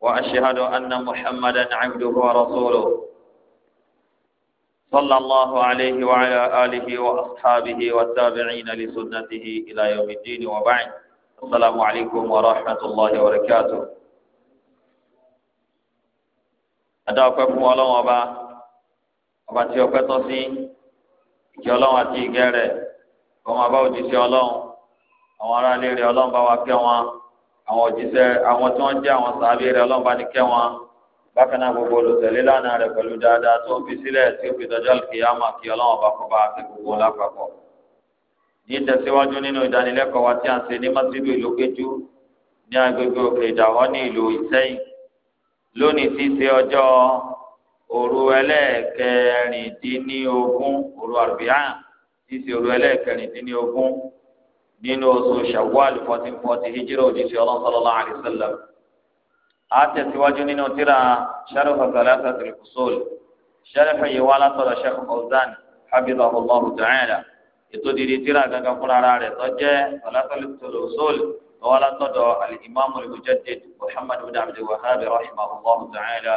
وأشهد أن محمدا عبده ورسوله صلى الله عليه وعلى آله وأصحابه والتابعين لسنته إلى يوم الدين وبعد السلام عليكم ورحمة الله وبركاته أدعوكم ولو أبا أبا تيوكتوسي ìkí ọlọ́run àti ìgẹ́ rẹ̀ kọ́ máa bá òjì sí ọlọ́run àwọn aráalé rẹ̀ ọlọ́run bá wa kẹ́ wọn àwọn òjíṣẹ́ àwọn tí wọ́n jẹ́ àwọn sàábì rẹ̀ ọlọ́run bá ní kẹ́ wọn bákan náà gbogbo olùtẹ̀lé lánàá rẹ̀ pẹ̀lú dáadáa tó ń fi sílẹ̀ tí ó fi dọjọ́ kìyàmà kí ọlọ́run bá kọ́ bá àti gbogbo lápapọ̀. ní ìtẹ̀síwájú nínú ìdánilẹ́kọ̀ọ́ wa tí a ń ṣe ní mọ́sídù ìlú péjú ní agbègbè òkè ìdàwọ́ ní ìlú ìsẹ́yìn lónìí tí ṣe ọjọ́ òru ẹlẹ́ẹ̀kẹrìndínlógún òru àrùbíà tí ṣe òru ẹlẹ́ẹ̀kẹrìndínlógún nínú oṣù shawwal fourteen forty hijira òjijì ọlọ́run sallallahu alaihi wasallam a tẹ̀síwájú nínú tíra sharh thalathatil usul sharh yìí wá látọ̀dọ̀ sheikh fawzan hafidhahullahu ta'ala ètò ìdí tíra gangan fúnra ara rẹ̀ tó jẹ́ thalathatil usul tó wá látọ̀dọ̀ al-imam al-mujaddid muhammad bin abdul wahhab rahimahullahu ta'ala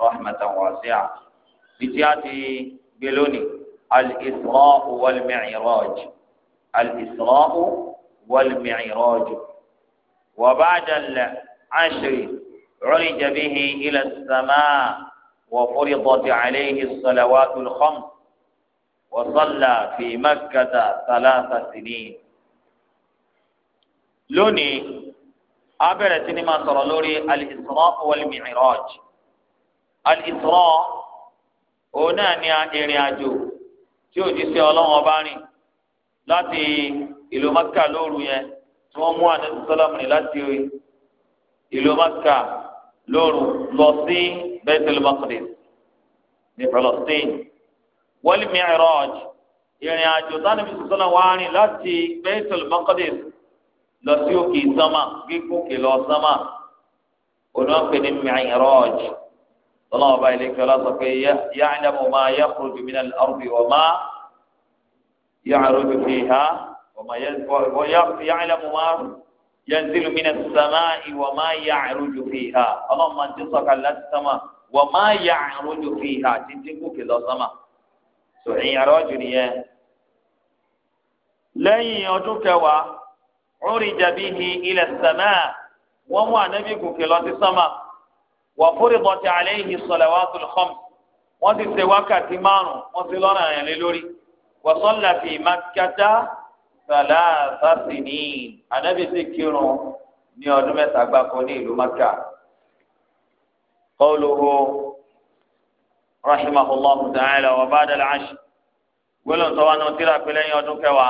rahmatan wasi'a bìtí a ti gbé lónìí al-isra wal-mi'raj. الإسراء والمعراج وبعد العشر عرج به إلى السماء وفرضت عليه الصلوات الخمس وصلى في مكة ثلاث سنين لوني أبرة ما صار لوري الإسراء والمعراج الإسراء هنا نيا إرياجو tí جيسي الله ọba láti ìlú maka lóru yẹn tí wọ́n mú àdéhùn sọ́lámù ní láti ìlú maka lóru lọ sí bẹ́tẹ̀lì mọ́kàdé ní palestine wal mi'raj ìrìn àjò tani bí sọ́lámù wá rìn láti bẹ́tẹ̀lì mọ́kàdé lọ sí òkè sánmà gígùnkè lọ sánmà onáfẹ́ ní mi'raj sọ́lámù ọba ìlẹ́kẹ́ ọlá sọ pé ya'lamu ma yakhruju min al-ardi wa ma. يعرج فيها وما ويعلم ما ينزل من السماء وما يعرج فيها اللهم انت صقل السماء وما يعرج فيها تنتقو كلا سما سعي رجل لن يدك عرج به إلى السماء وما نبيك كلا السماء وفرضت عليه الصلوات الخمس وانت سواك تمانو وانت لنا يعني لوري wọ́sọ́lá fi mákàtá sàlá sàtìní ànábì sì kírun ní ọdún mẹ́ta gbáko ní ìlú Mákà. qawluhu rahimahullahu ta'ala wa ba'da al-'ashr gbọ́dọ̀ tó wà ní tíra pẹ̀lẹ́ yẹn ọdún kẹwàá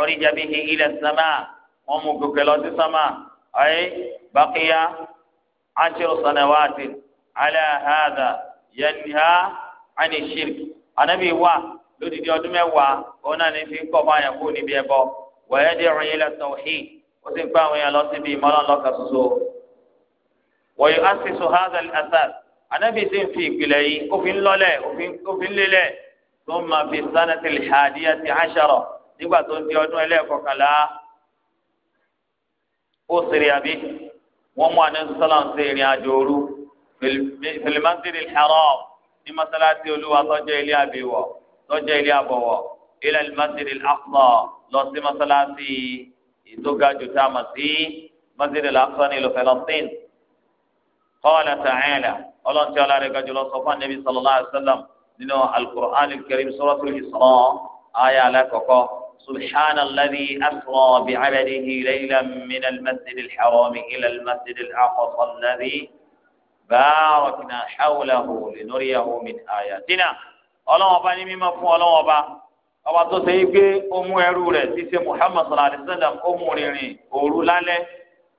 ọ̀rí jabi hi ila sàmà wọn mú gòkè lọ sí sàmà ayé baqiya ashiru sanawati ala hadha yanha ani shirk ànábì wà lódìdí ọdún mẹ́wàá òun náà ní fi ń kọ́ fún àyàn kó níbi ẹbọ wọ́n yẹ ìrìn ilẹ̀ tawhid ó sì ń pa àwọn èèyàn lọ síbi ìmọ̀lán lọ́kàn ṣoṣo. wọ́n yóò asisu hazal asas anabi sì ń fi ìpìlẹ̀ yìí ó fi ń lọ́lẹ̀ ó fi ń lélẹ̀ tó máa fi sanati lihadiya ti aṣarọ nígbà tó ń di ọdún ẹlẹ́ẹ̀kọkànlá ó sèrè àbí wọ́n mú anabi sọ́lá ń ìrìn àjò òru fil tọ́jà ilé àbọ̀wọ̀ ilẹ̀ alimásírì àkọ́ lọ sí mọ́sálásí ìtógájú tá a mọ̀ sí mọ́sálásí àkọ́ ní ìlú fẹlẹ́sìn kọ́ọ̀lá tààlà ọlọ́ntì ọlọ́rẹ̀ gàjú lọ sọ fún anabi sallallahu alayhi wa sallam nínú alukur'an kẹrin suratul isra ayé alákọ̀ọ́kọ́ سبحان الذي أسرى بعبده ليلا من المسجد الحرام إلى المسجد الأقصى الذي باركنا حوله لنريه من آياتنا ọlọ́wọ́n ọba ní mímọ́ fún ọlọ́wọ́n ọba ọba tó ṣe é gbé ọmú ẹrú rẹ̀ tí ṣe Muhammad sallallahu alayhi wa sallam ọmú rìnrìn òru lálẹ́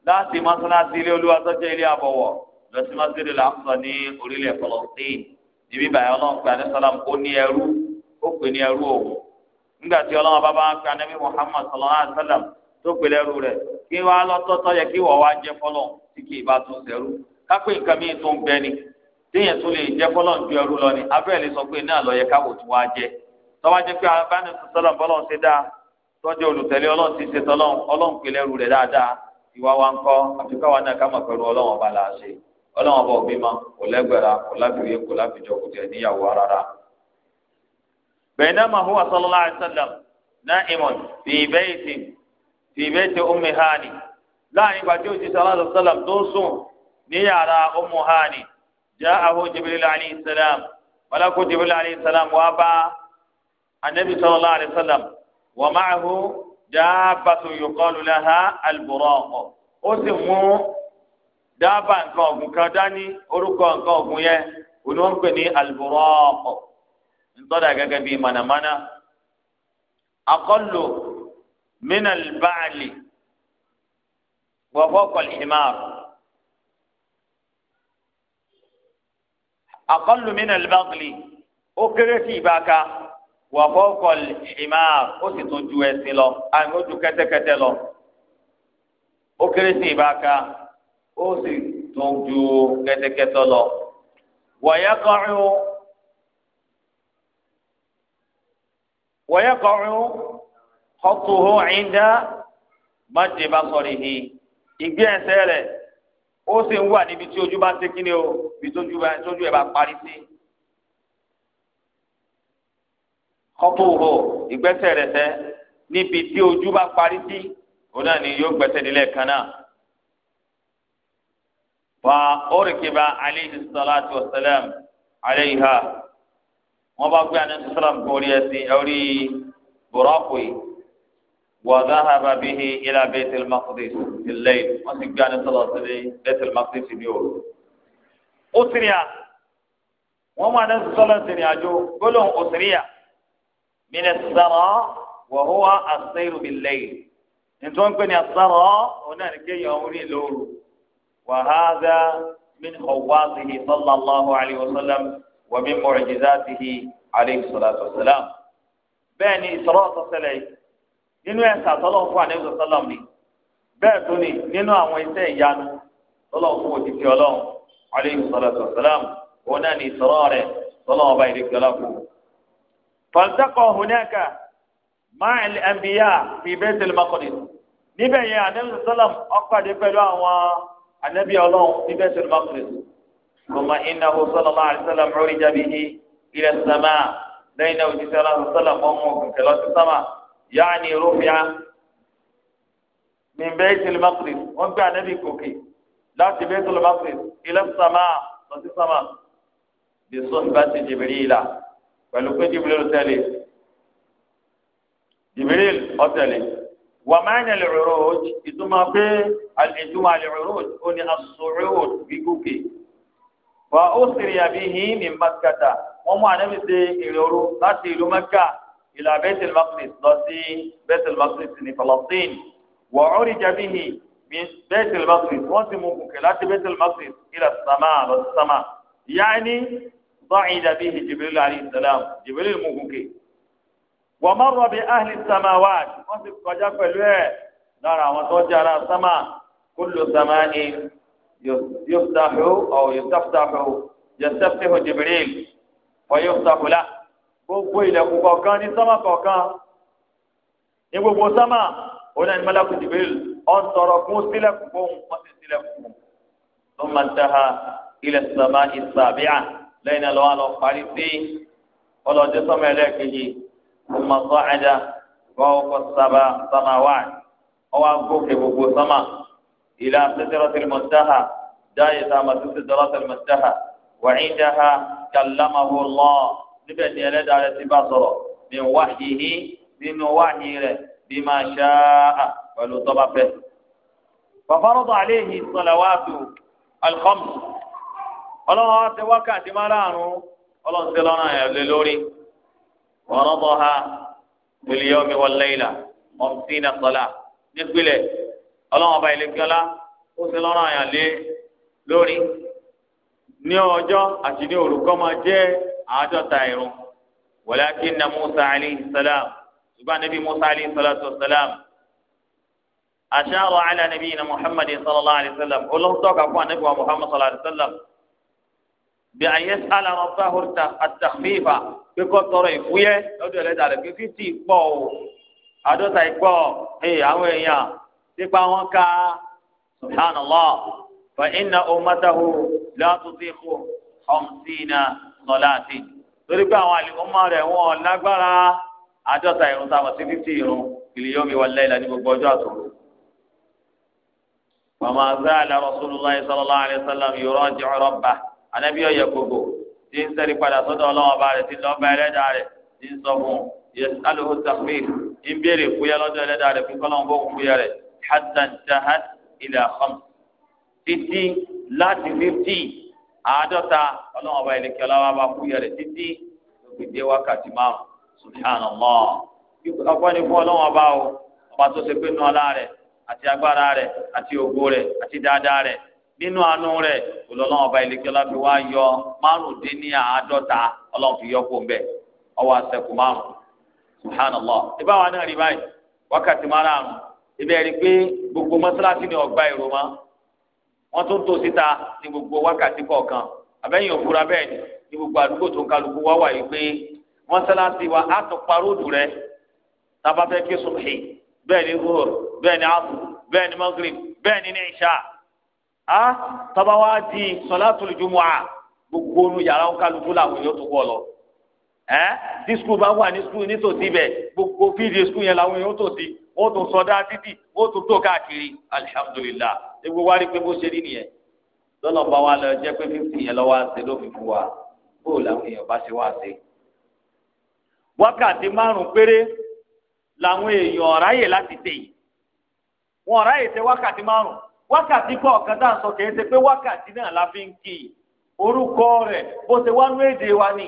láti mọ́sálásí ilé olúwa ilé àbọ̀wọ̀ lọ sí mọ́sálásí ilé àkùsọ ní orílẹ̀ Palestine níbí báyìí ọlọ́run pé alẹ́ ó ní ẹrú ó pè Muhammad tó pè lẹ́rú rẹ̀ kí wàá yẹ kí wọ́n wá tí kì í bá tún ṣẹrú ká téèyàn tó lè jẹ́ fọlọ́n ju ẹrú lọ ni abẹ́rẹ́ lè sọ pé náà lọ yẹ káwọ́ tó wá jẹ tọ́wá jẹ́ pé abánisọ sọlọ́n bọ́lọ́n ṣe dáa tọ́jú olùtẹ̀lé ọlọ́run ti ṣe tọ́lọ́run ọlọ́run pèlè ẹrú rẹ̀ dáadáa ìwà wa ń kọ́ àti káwa náà ká mọ̀ pẹ̀lú ọlọ́run ọba là á ṣe ọlọ́run ọba òbí mọ kò lẹ́gbẹ̀ra kò láfiwé kò láfijọ́ kò tẹ̀ níyàwó rárá. bẹ̀ẹ́nàmà جاءه جبريل عليه السلام ملك جبريل عليه السلام وابى النبي صلى الله عليه وسلم ومعه دابة يقال لها البراق أسمو دابة كوكو كداني أركو كوكو يه ونوكني البراق انطلع جاكبي منا منا أقل من البعل وفوق الحمار aqallu min al-baghli ó kéré sí ìbáka wà fawqa al-himar ó sì tún ju ẹṣin lọ àmì ó ju kẹ́tẹ́kẹ́tẹ́ lọ ó kéré sí ìbáka ó sì tún ju kẹ́tẹ́kẹ́tẹ́ lọ wa yaqa'u wa yaqa'u khattuhu 'inda maddi basarihi ìgbé ẹsẹ̀ rẹ̀ ó sì ń wà níbi tí ojú bá ń sékí ni o ibi tójú ẹ bá parí sí. kọ́pùhù ìgbésẹ̀ rẹ̀ sẹ́ níbi tí ojú bá parí sí òun náà ni yóò gbẹ́sẹ̀ nílẹ̀ kan náà. wà orìkìbá aleyhi salatu wa salam aleyha wọ́n bá gbé àná sísàlámù kórìí ẹ̀sìn ẹ̀rí bùrọ́kù yìí. وذهب به إلى بيت المقدس في الليل وسجان يعني صلاة بيت المقدس اليوم أسرية وما نزل صلاة يجو كلهم أسرية من الثرى وهو السير بالليل انتم كن الثرى هنا كي يوري لور وهذا من خواصه صلى الله عليه وسلم ومن معجزاته عليه الصلاة والسلام بني إسراء صلى nínú ẹ̀ka tọ́lọ́hún fún àdéhùn sọ́lọ́m ni bẹ́ẹ̀ tó ni nínú àwọn iṣẹ́ ìyanu tọ́lọ́hún fún òtítí ọlọ́run àdéhùn sọ́lọ́tọ̀ sọ́lọ́m òun náà ní ìsọ̀rọ̀ rẹ̀ tọ́lọ́hún ọba ìdíkẹ́ ọlọ́kù. fọlùtẹ́kọ̀ hùnẹ́ẹ̀kà máa ẹ̀ ẹ̀mbíyà fi bẹ́ẹ̀ tẹ̀lé mọ́kànlẹ̀ níbẹ̀ yẹn àdéhùn sọ́lọ́m ọ̀pàdé pẹ̀lú àwọn ànábì ọlọ́run fi bẹ́ẹ̀ tẹ̀lé mọ́kànlẹ̀ إنه صلى الله عليه وسلم عرج به إلى السماء لين وجه صلى الله عليه وسلم وهم في السماء yaani rúfìá min Baytil Maqdis wọ́n gbé ànábì gòkè láti Baytil Maqdis ila sàmà lọ sí sàmà bí suhbati Jibrila pẹ̀lú pé Jibril tẹ̀lé Jibril ọ̀tẹ̀lé wa ma'na al-'uruj ìtumọ̀ pé ìtumọ̀ al-'uruj ó ní as-su'ud gígùkè wa usriya bihi min Makkata wọ́n mú ànábì ṣe ìrìn òru láti ìlú Mẹ́kà. إلى بيت المقدس لسي بيت المقدس في فلسطين وعرج به من بيت المقدس وسموه كلات بيت المقدس إلى السماء والسماء يعني صعد به جبريل عليه السلام جبريل الموكي ومر بأهل السماوات وسب قجاك الوه نرى وتوجه على السماء كل سماء يفتح أو يستفتح يستفتح جبريل ويفتح له gbogbo ilẹ̀kùn kọ̀ọ̀kan ní sọ́mà kọ̀ọ̀kan ní gbogbo sọ́mà òun náà ní mọ́lákùn jìbìrì ọ̀n sọ̀rọ̀ fún sílẹ̀kùn fún wọn sì sílẹ̀kùn tó máa dáhà ilẹ̀ sọ́mà ìsàbíà lẹ́yìn náà lọ́wọ́ lọ parí sí ọlọ́dẹ sọ́mà ẹlẹ́ẹ̀kejì tó máa sọ ẹja fọwọ́kọ sábà sọ́mà wà ọwọ́ agbókè gbogbo sọ́mà ilẹ̀ asẹ́sẹ́rọ́tìrì mọ̀dáhà níbẹ̀ ni ẹlẹ́dàá rẹ̀ ti bá sọ̀rọ̀ ní wáhìhí nínú wáhì rẹ̀ bí máa ṣá à pẹ̀lú tọ́ba fẹ́. fàfọ́rọ́dọ̀ àléhìí sọ̀làwàtò alkọ́mù ọlọ́run á ti wákàtí márààrún ọlọ́run ti lọ́nà ẹ̀ lé lórí wọ́rọ́dọ̀ ha bìlíọ̀mì wọléyìlá ọ̀mùsínà sọ̀là nípìnlẹ̀ ọlọ́run ọba ìlẹ́kẹ́lá ó ti lọ́nà ẹ̀ lé lórí ní ọjọ́ àti ní òrùkọ́ máa jẹ́ àwọn tó ta irun walakin na musa alayhi salam ṣùgbọ́n nabi musa alayhi salatu wa salam ashara ala nabiyina muhammad sallallahu alayhi wa sallam olóhùn tọ́ka fún anabi wa muhammad sallallahu alayhi wa sallam bí an yas'ala rabbahu at-takhfifa kíkọ́ tọrọ ìfúyẹ́ lọ́dọ̀ ẹlẹ́dàá rẹ̀ fífi tì í o àdọ́ta ìpọ̀ ee àwọn èèyàn sípa wọn ká subhanallah fa inna ummatahu la tuziqu khamsina sọlá àti torí pé àwọn àlùmọ́ rẹ̀ wọ́n lágbára àádọ́ta irun tá a mọ̀ sí fífi irun kìlìyọ́mi wà lẹ́yìn láti gbogbo ọjọ́ àtòrò. wàmà záàlà rasulillah sallallahu alayhi wa sallam yọrọ jọrọ bá anabi ọyẹ gbogbo tí ń sẹ́rí padà sọ́dọ̀ ọlọ́wọ́ bá rẹ̀ tí lọ́ọ́ bá ẹlẹ́dàá rẹ̀ tí ń sọ fún yasaluhu tafmir ń béèrè fúyà lọ́dọ̀ ẹlẹ́dàá rẹ̀ fún kọ́lọ́n bó fúyà rẹ̀ hasan tahad ilà khams títí láti fifty àádọ́ta ọlọ́run ọba ìlẹ̀kẹ́ wa bá kú yẹrẹ títí lóbi dé wákàtí márùn subhana allah ọpẹ́ ni fún ọlọ́run ọba o ọba tó ṣe pé nu ọlá àti agbára rẹ àti ògo rẹ àti dáadáa rẹ nínú àánú ọba fi wá yọ ọlọ́run fi yọ kó ń ọwọ́ àṣẹkù márùn náà rí báyìí wákàtí gbogbo ni ọgbà wọ́n tún tó síta ní gbogbo wákàtí kọ̀ọ̀kan àbẹ́yìn òfura bẹ́ẹ̀ ni ní gbogbo àdúgbò tó ń kálukú wá wà yìí pé mọ́sálásí wa á tún paróòdù rẹ tábà fẹ́ kí sùnhì bẹ́ẹ̀ ni zuhur bẹ́ẹ̀ ni asu bẹ́ẹ̀ ni magrib bẹ́ẹ̀ ni nisha á tábà wá di sọlátùl jumu'a gbogbo nu yàrá ń kálukú làwọn yóò tún wọ̀ lọ ẹ tí sukùl bá wà ní sukùl nítòsí bẹ gbogbo fídíò sukùl yẹn làwọn yóò tòsí wọ́n tún sọdá títì wọ́n tún tó káàkiri alihamudulilayi egbò wa rí pé bó ṣe rí nìyẹn lọ́nà bá wa lọ jẹ́ pé fífi yẹn lọ́wọ́ àṣẹ ló fi fún wa bó làwọn èèyàn bá ṣe wá ṣe. wákàtí márùn péré làwọn èèyàn ọ̀ráyè láti tè yìí wọn ọ̀ráyè tẹ wákàtí márùn wákàtí kọ̀ọ̀kan tá à ń sọ kìí ṣe pé wákàtí náà la fi ń kì í orúkọ rẹ̀ bó ṣe wá nú èdè wa ni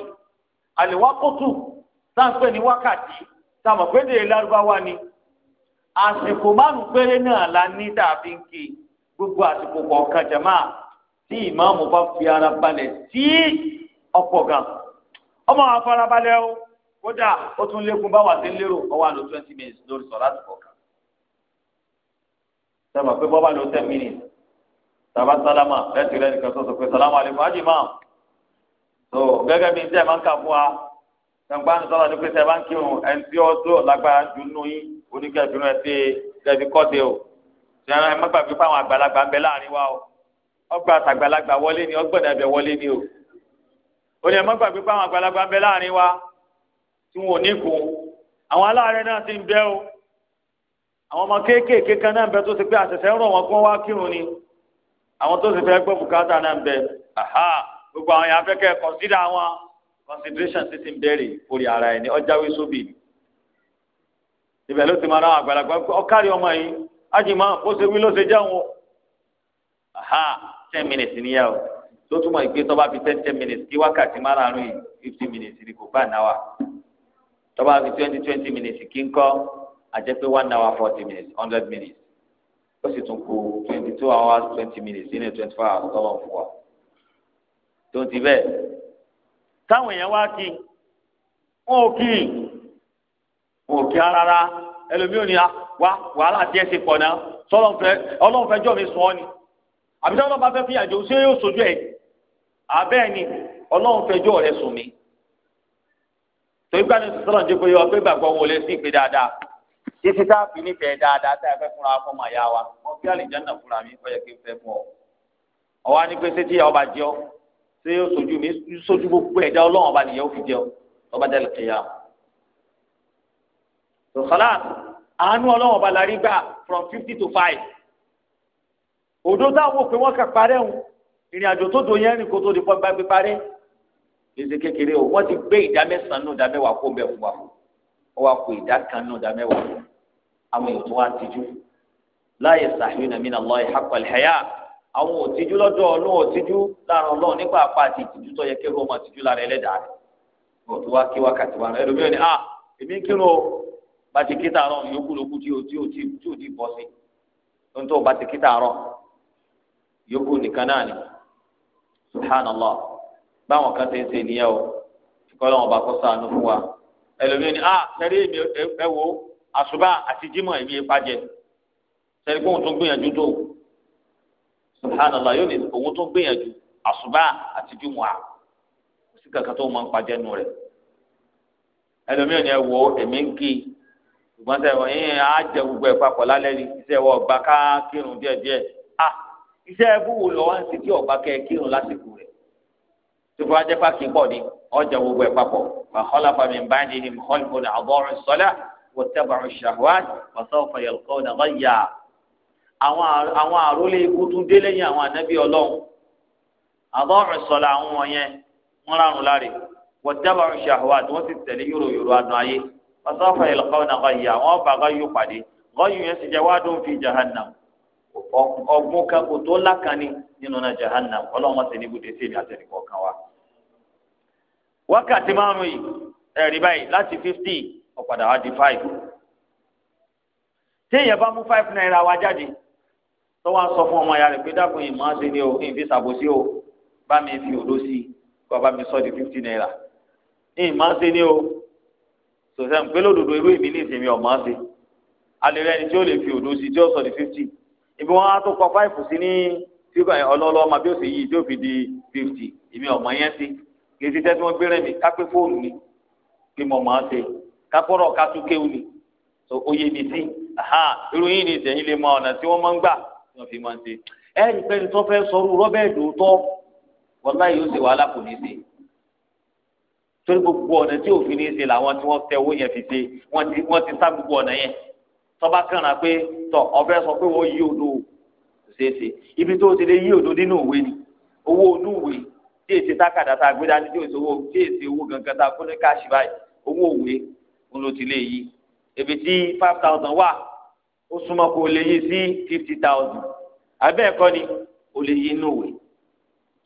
àlèwákòtù tá à ń pè ní wákàtí tá a mọ̀ pé èdè Lárúbáwá ni àsìkò márùn péré náà la ní tá a fi ń kì í gbogbo àsìkò kọ̀ọ̀kan jama tí ìmáàmù bá fi ara balẹ̀ tí ọ̀pọ̀ gan ọmọ àwọn afárabalẹ̀ o kódà ó tún lékun bá wà sí lérò ọwọ́ àlọ́ twenty minutes lórí sọ̀rọ̀ àsìkò kan sábà pé bọ́ bá lọ ten minutes sábà sálámà lẹ́tì rẹ nìkan sọ̀tọ̀ pé sálámà àlẹ́ fàájì máa tó gẹ́gẹ́ bí sẹ́ẹ̀ máa ń kà fún wa gbàgbá ní sọ́la ní pé sẹ́ẹ̀ máa ń kírun ẹni tí ó tó lágbára jù nù yín oníkẹ́ ṣẹlẹ ẹ mọgbàgbé fáwọn àgbàlagbà ń bẹ láàrin wa o ọgbà àtàgbàlagbà wọlé ni ọgbọnà ẹbẹ wọlé ni o ó ní ẹ mọgbàgbé fáwọn àgbàlagbà ń bẹ láàrin wa tí wọn ò ní kú àwọn aláàárẹ̀ náà ti ń bẹ o àwọn ọmọ kéékèèké kan náà ń bẹ tó ti pé àṣẹṣẹ ń rọ wọn kó wá kírun ni àwọn tó ti fẹ́ gbọ́ bùkátà náà ń bẹ aha gbogbo àwọn yàrá fẹ́ kẹ́ wọn consideration ti ti ń bẹ̀rẹ̀ orí ara ẹni ọjàwé sóbì ibẹ̀ ló ti máa ra àgbàlagbà ọkàrí ọmọ yìí ájìmọ́ ó ṣe wí ló ṣe jẹ́ òun aha ten minutes níyà o tó túmọ̀ ìpè tó bá fi ten ten minutes kí wákàtí márààrún yìí fifty minutes ni kò bá náwà tó bá fi twenty twenty minutes kí ń kọ́ àjẹpé one hour forty minutes hundred minutes ó sì tún kù twenty two hours twenty minutes nínú twenty four hours tọ́lọ̀ fún wa tó ti bẹ́ẹ̀ táwọn èèyàn wá kí wọn ò kí wọn ò kí rárá ẹlòmíì ò ní a ah, wá wàhálà díẹ̀ ti pọ̀ náà sọlọ́nfẹ́ ọlọ́nfẹ́ jọ́ mi sùn ọ́ ni àbí táwọn bá fẹ́ fi àjò ṣé yóò sojú ẹ̀ àbẹ́ẹ̀ ni ọlọ́nfẹ́ jọ́ rẹ sùn mi torí gbà ní sọ̀rọ̀ ní pé ọpẹ́ gbàgbọ́ wọlé sí ìpè dáadáa títí tá a fi nífẹ̀ẹ́ dáadáa tá a fẹ́ fúnra fún màá yá wa wọn fi àlìjáná fúnra mi fẹ́ kí n fẹ́ fún ọ. ọwọ́ á ní pé sétí ọba jẹ́ ọ ṣé yóò sojú mi sojú gbogbo ẹ̀dá ọlọ́run ọba nìyẹn ó fi jẹ́ sọ̀kọ́lá àánú ọlọ́wọ̀n bá larí gbà from fifty to five òdo táwọn òpin wọn kà parẹ́ ń ìrìn àjò tó dùn yẹn rìn kó tó di pọ́n gbàgbé parẹ́ léṣe kékeré o wọ́n ti gbé ìdá mẹ́sàn-án nù ìdá mẹ́wàá kó bẹ̀ fún wa ó wá kó ìdá kan nù ìdá mẹ́wàá fún àwọn èèyàn tó wá tijú láyé sàhìn nàmí nà lọ́ọ́ ìhàkọ́ ìhẹ́yà àwọn òtijú lọ́dọ̀ ọlọ́wọ́ òtijú láàrin ọlọ́wọ́ nípa apá àti ìtìjú tó yẹ kéwọ́n ọmọ bá ti kí tààrọ̀ yòókù lókù tí o tí o tí tí o ti bọ́ sí tóńtò bá ti kí nìkan náà ni subhanallah báwọn kan ti ń ṣe nìyẹn o kọ́lọ́ wọn bá kọ́ sànù fún wa ẹlòmíràn ni ah sẹ́rí èmi ẹ wo àṣùbà àti jímọ̀ èmi ipa jẹ sẹ́rí kóhun tó gbìyànjú tó subhanallah yóò ní òun tó gbìyànjú àṣùbà àti jímọ̀ à sí kankan tó máa ń pàjẹ́ nù rẹ̀ ẹlòmíràn ni ẹ wo èmi ń kí ṣùgbọ́n tẹ̀ wọ́n yín á jẹ gbogbo ẹ̀ papọ̀ lálẹ́ rí iṣẹ́ wọ ọgbà ká kírun díẹ̀díẹ̀ à ah! iṣẹ́ búwo lọ wá ń sì kí ọgbà kẹ kírun lásìkò rẹ̀ tófù ajẹ́ pàkí pọ̀ ni ọjà gbogbo ẹ̀ papọ̀ wa khalafa min ba'dihim khalfun adaa'u as-salata wattaba'u ash-shahawat wa sawfa yalqawna ghayya àwọn àrólé ikú tún dé lẹ́yìn àwọn ànábì ọlọ́run adaa'u as àwọn pàṣẹ fẹ ìlọkọ náà kọ yìí àwọn ọba gọyù pàdé gọyù yẹn sì jẹ wàdùn fi jahannam ọgbọ́n kan kò tó lákànni nínú náà jahannam ọlọ́run ti ní ibùdó sí ìlú àtẹnìkọ kan wa. wákàtí márùn yìí ẹ̀rí báyìí láti fifty ọ̀padà wá di five. téèyàn bá mú five naira wá jáde tó wá sọ fún ọmọ ìyá rẹ̀ pé dákun yìí máa ṣe ni o ìfi ṣàbòsí o bá mi fi òdo sí i kó bá mi sọ sọsẹ ń pé lódodo irú èmi ní ìsinmi ọmọ ṣe alẹ rẹ ni tí ó lè fi òdo sí tí ó sọ di fifty ibi wọn á tó kọ páìpù sí ní ọlọlọ ọmọ bí ó sì yí tí ó fi di fifty èmi ọmọ yẹn sí kì í ṣe tẹ́tí wọn gbéra mi kápé fóònù ni kí mo máa ṣe kápọ́rọ̀ kátúkéwù ni so oyè mi sí irú yìí ni ìsẹ̀yìn lè mọ ọ̀nà tí wọ́n máa ń gbà tí wọ́n fi máa ń ṣe ẹ̀ẹ́dì pẹ́ni tó fẹ́ sọ torí gbogbo ọ̀nà tí òfin ní í ṣe làwọn tí wọ́n tẹ owó yẹn fi ṣe wọ́n ti sá gbogbo ọ̀nà yẹn tọ́ba kànra pé tọ ọbẹ̀ sọ pé wọ́n yí odò ṣeéṣe ibi tó ti lè yí odò nínú ìwé ni owó inú tí èsì tákàdá tá a gbé dání tí èsì owó tí èsì owó gangan tá a kó ní káàṣì báyìí owó òwe ń lo ti lè yí ebi tí five thousand wà ó súnmọ́ kó o lè yí sí fifty thousand àbẹ́ẹ̀kọ́ ni o lè yí inú ìwé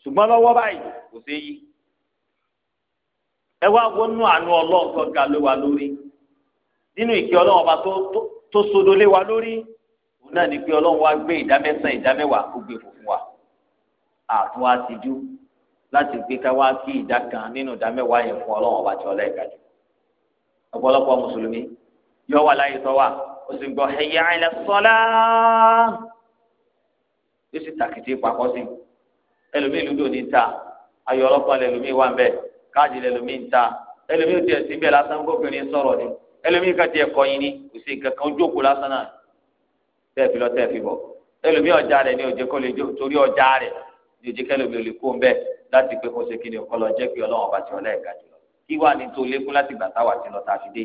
ṣùgbọ́n lọ́wọ́ báyìí kò ṣeé yí ẹ wá wọnú àánú ọlọ́run ga lé wa lórí nínú ìkẹ́ ọlọ́run ọba tó sodo lé wa lórí òun náà ní pé ọlọ́run wá gbé ìdámẹ́sàn ìdámẹ́wàá ó gbé fún wa àtún wá ti jú láti gbé ká wá kí ìdá kan nínú ìdámẹ́wàá yẹn fún ọlọ́run ọba tí ọlá ẹ̀ka jù ọ̀pọ̀lọpọ̀ mùsùlùmí yọ wà láyé sọ wà ó sì ń gbọ́ hayya ala sọ́lá ó sì tàkìtì pàkọ́ sí ẹlòmíì lùdò ní ta ayọ̀ ọlọ́pàá lẹ́lòmíì wà ń bẹ́ẹ̀. káàdì lẹ́lòmíì ń ta ẹlòmíì ò tiẹ̀ síbẹ̀ lásán gómìnrin sọ̀rọ̀ ni ẹlòmíì ká tiẹ̀ kọyin ni kò sí kankan ó jókòó lásán náà tẹ́ẹ̀fì lọ tẹ́ẹ̀fì bọ̀ ẹlòmíì ọjà rẹ̀ ni òjẹ́ kó lè jó torí ọjà rẹ̀ ni òjẹ́ kẹlòmíì ò lè kó ń bẹ́ẹ̀ láti pé kó ṣe kí ni ọkọ lọ jẹ́ pé ọlọ́run ọba ti ọlẹ́ ẹ̀ka jùlọ kí wàá ní tó lékún láti gbà táwa ti lọ tàfi dé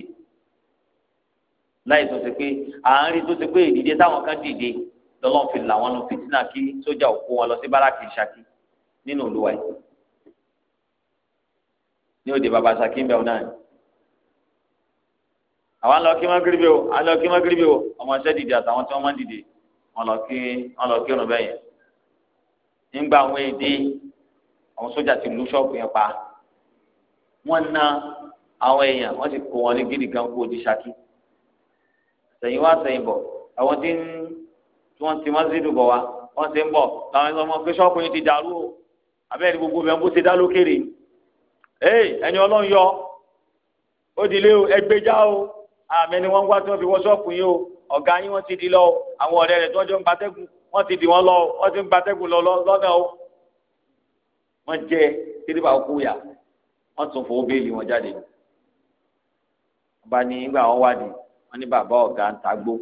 láì tó ṣe pé àárín tó ṣe pé ìdíje táwọn kan dìde lọ́lọ́run fi làwọn nu fìtínà sójà òkú wọn lọ sí báràkì ìṣákí nínú olúwa yìí ní òde bàbá sakínbẹ̀ náà ni àwọn lọ kí magiribi o àwọn lọ kí magiribi o ọmọ ṣẹ́ dìde àtàwọn tí wọ́n máa ń dìde wọn lọ kí wọn lọ kírun bẹ́ẹ̀ yẹn nígbà àwọn èdè àwọn sójà ti lu ṣọ́ọ̀bù yẹn pa wọ́n na àwọn èèyàn wọ́n ti kó wọn ní gidi gan kó di ṣákí sẹ́yìn wá sẹ́yìn bọ̀ àwọn tí wọ́n ti wọ́n sídùú bọ̀ wá wọ́n ti ń bọ̀ táwọn ẹgbẹ́ ọmọ pé ṣọ́ọ̀bù yẹn ti dàrú o àbẹ́rẹ́ gbogbo bẹ́ẹ̀ bó ti dá lókèrè ee ẹni ọlọ́run yọ ó dilé o ẹgbẹ́já o àmì ni wọ́n ń wá tí wọ́n fi wọ́ ṣọ́ọ̀kù yìí o ọ̀gá yín wọ́n ti di lọ o àwọn ọ̀rẹ́ rẹ̀ tí wọ́n jọ ń gbatẹ́gùn wọ́n ti di wọ́n lọ wọ́n ti ń gbatẹ́gùn lọ lọ́nà o wọ́n jẹ tìrìbà òkú yà wọ́n tún fowó béèlì wọn jáde ọba ní ìgbà wọn wádìí wọ́n ní bàbá ọ̀gá ń tagbó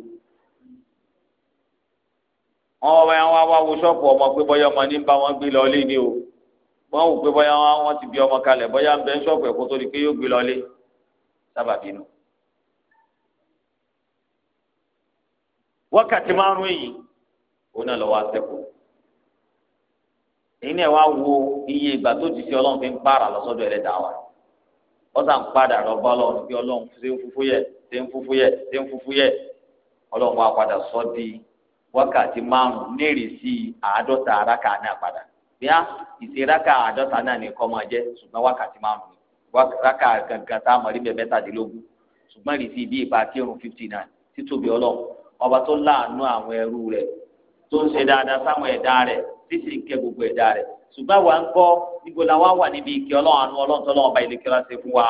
wọ́n wá wá wo ṣọ́ọ̀pù ọmọ pé bọ́yá ọmọ ní bá wọn gbé lọ wọ́n wò pé bóyá wọ́n ti bí ọmọ kalẹ̀ bóyá ń bẹ ṣọ́ọ̀bù ẹ̀kọ́ tó di pé yóò gbé lọlé sábàbí nù. wákàtí márùn yìí òun náà lọ́wọ́ àṣẹ́kù èyí náà wá wo iye ìgbà tó ti ṣe ọlọ́run fi ń pààrà lọ́sọ́dọ̀ ẹlẹ́dàá wa wọ́n sàn padà lọ́ba ọlọ́run bí ọlọ́run ṣe ń fúfú yẹ ṣe ń fúfú yẹ ṣe ń fúfú yẹ ọlọ́run wa padà sọ di wákàtí márùn nírìsí àádọ́ta arákà náà padà. bíá ìṣeraka àádọ́ta náà ní kọ́ máa jẹ́ ṣùgbọ́n wákàtí wákàtí tá a mọ̀ rí mẹ́tàdínlógún ṣùgbọ́n rìsí bí ipa kírun fifty nine títóbi ọlọ́run ọba tó láàánú àwọn ẹrú rẹ̀ tó ń ṣe dáadáa sáwọn ẹ̀dá rẹ̀ tí sì ń kẹ́ gbogbo ẹ̀dá rẹ̀ ṣùgbọ́n àwa ń kọ́ níbo la wá wà níbi ìkẹ́ ọlọ́run ọlọ́run ọba kíra wa.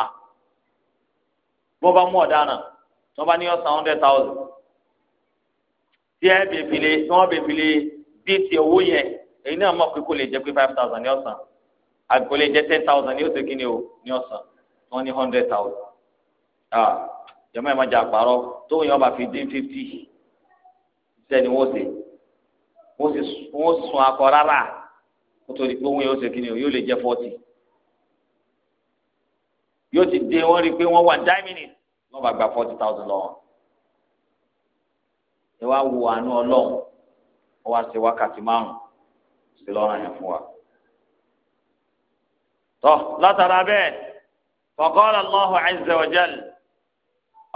bó bá mú ọ̀daràn tó bá ní ọ̀sán hundred thousand tí ẹ tí wọ́n ti owó yẹn èyí náà mọ̀ pé kò lè jẹ́ pé five thousand ní ọ̀sán àgbo lè jẹ́ ten thousand ní oṣù kìíní o ní ọ̀sán wọ́n ní hundred thousand ah jẹ́mọ́ ẹ̀ má jẹ́ àpárọ̀ tó yàn bá fi dín fifty sẹ́ni wọ́n ṣe wọ́n sun akọ rárá nítorí pé wọ́n yóò ṣe kìíní o yóò lè jẹ́ forty yóò ti dé wọ́n rí i pé wọ́n wà nine minutes wọ́n bá gba forty thousand lọ́wọ́ ẹ wá wo àánú ọlọ́run wọ́n wá ṣe márùn-ún sí lọ́rùn yẹn fún wa. tọ́ látara bẹ́ẹ̀ faqala Allahu azza wa jal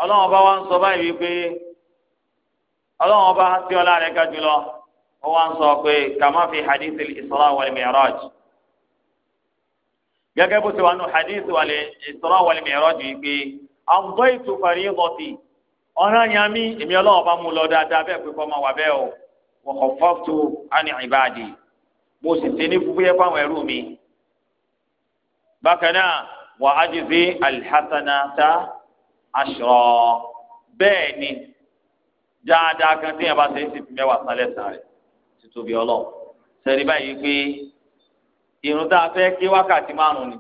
ọlọ́wọ́n bá wa ń sọ báyìí wípé ọlọ́wọ́n bá tí ọlá rẹ̀ ga jùlọ ó wá ń sọ pé kama fi hadith al-isra wal mi'raj gẹ́gẹ́ bó ti wà nù hadith wal isra wal mi'raj wípé amdaytu faridati ọ̀ràn yẹn mi èmi ọlọ́wọ́n bá mú lọ dáadáa bẹ́ẹ̀ pé kọ́ máa mo sì ti ní fúfúyẹ́ fáwọn ẹrú mi bákan náà wà á jù sí alhassanata aṣọ bẹ́ẹ̀ ni dáadáa kan tí yẹn bá ṣe é sì fi mẹ́wàá sálẹ̀ sáré ti tóbi ọlọ́ sẹ́ni báyìí pé irun tá a fẹ́ kí wákàtí márùn-ún ni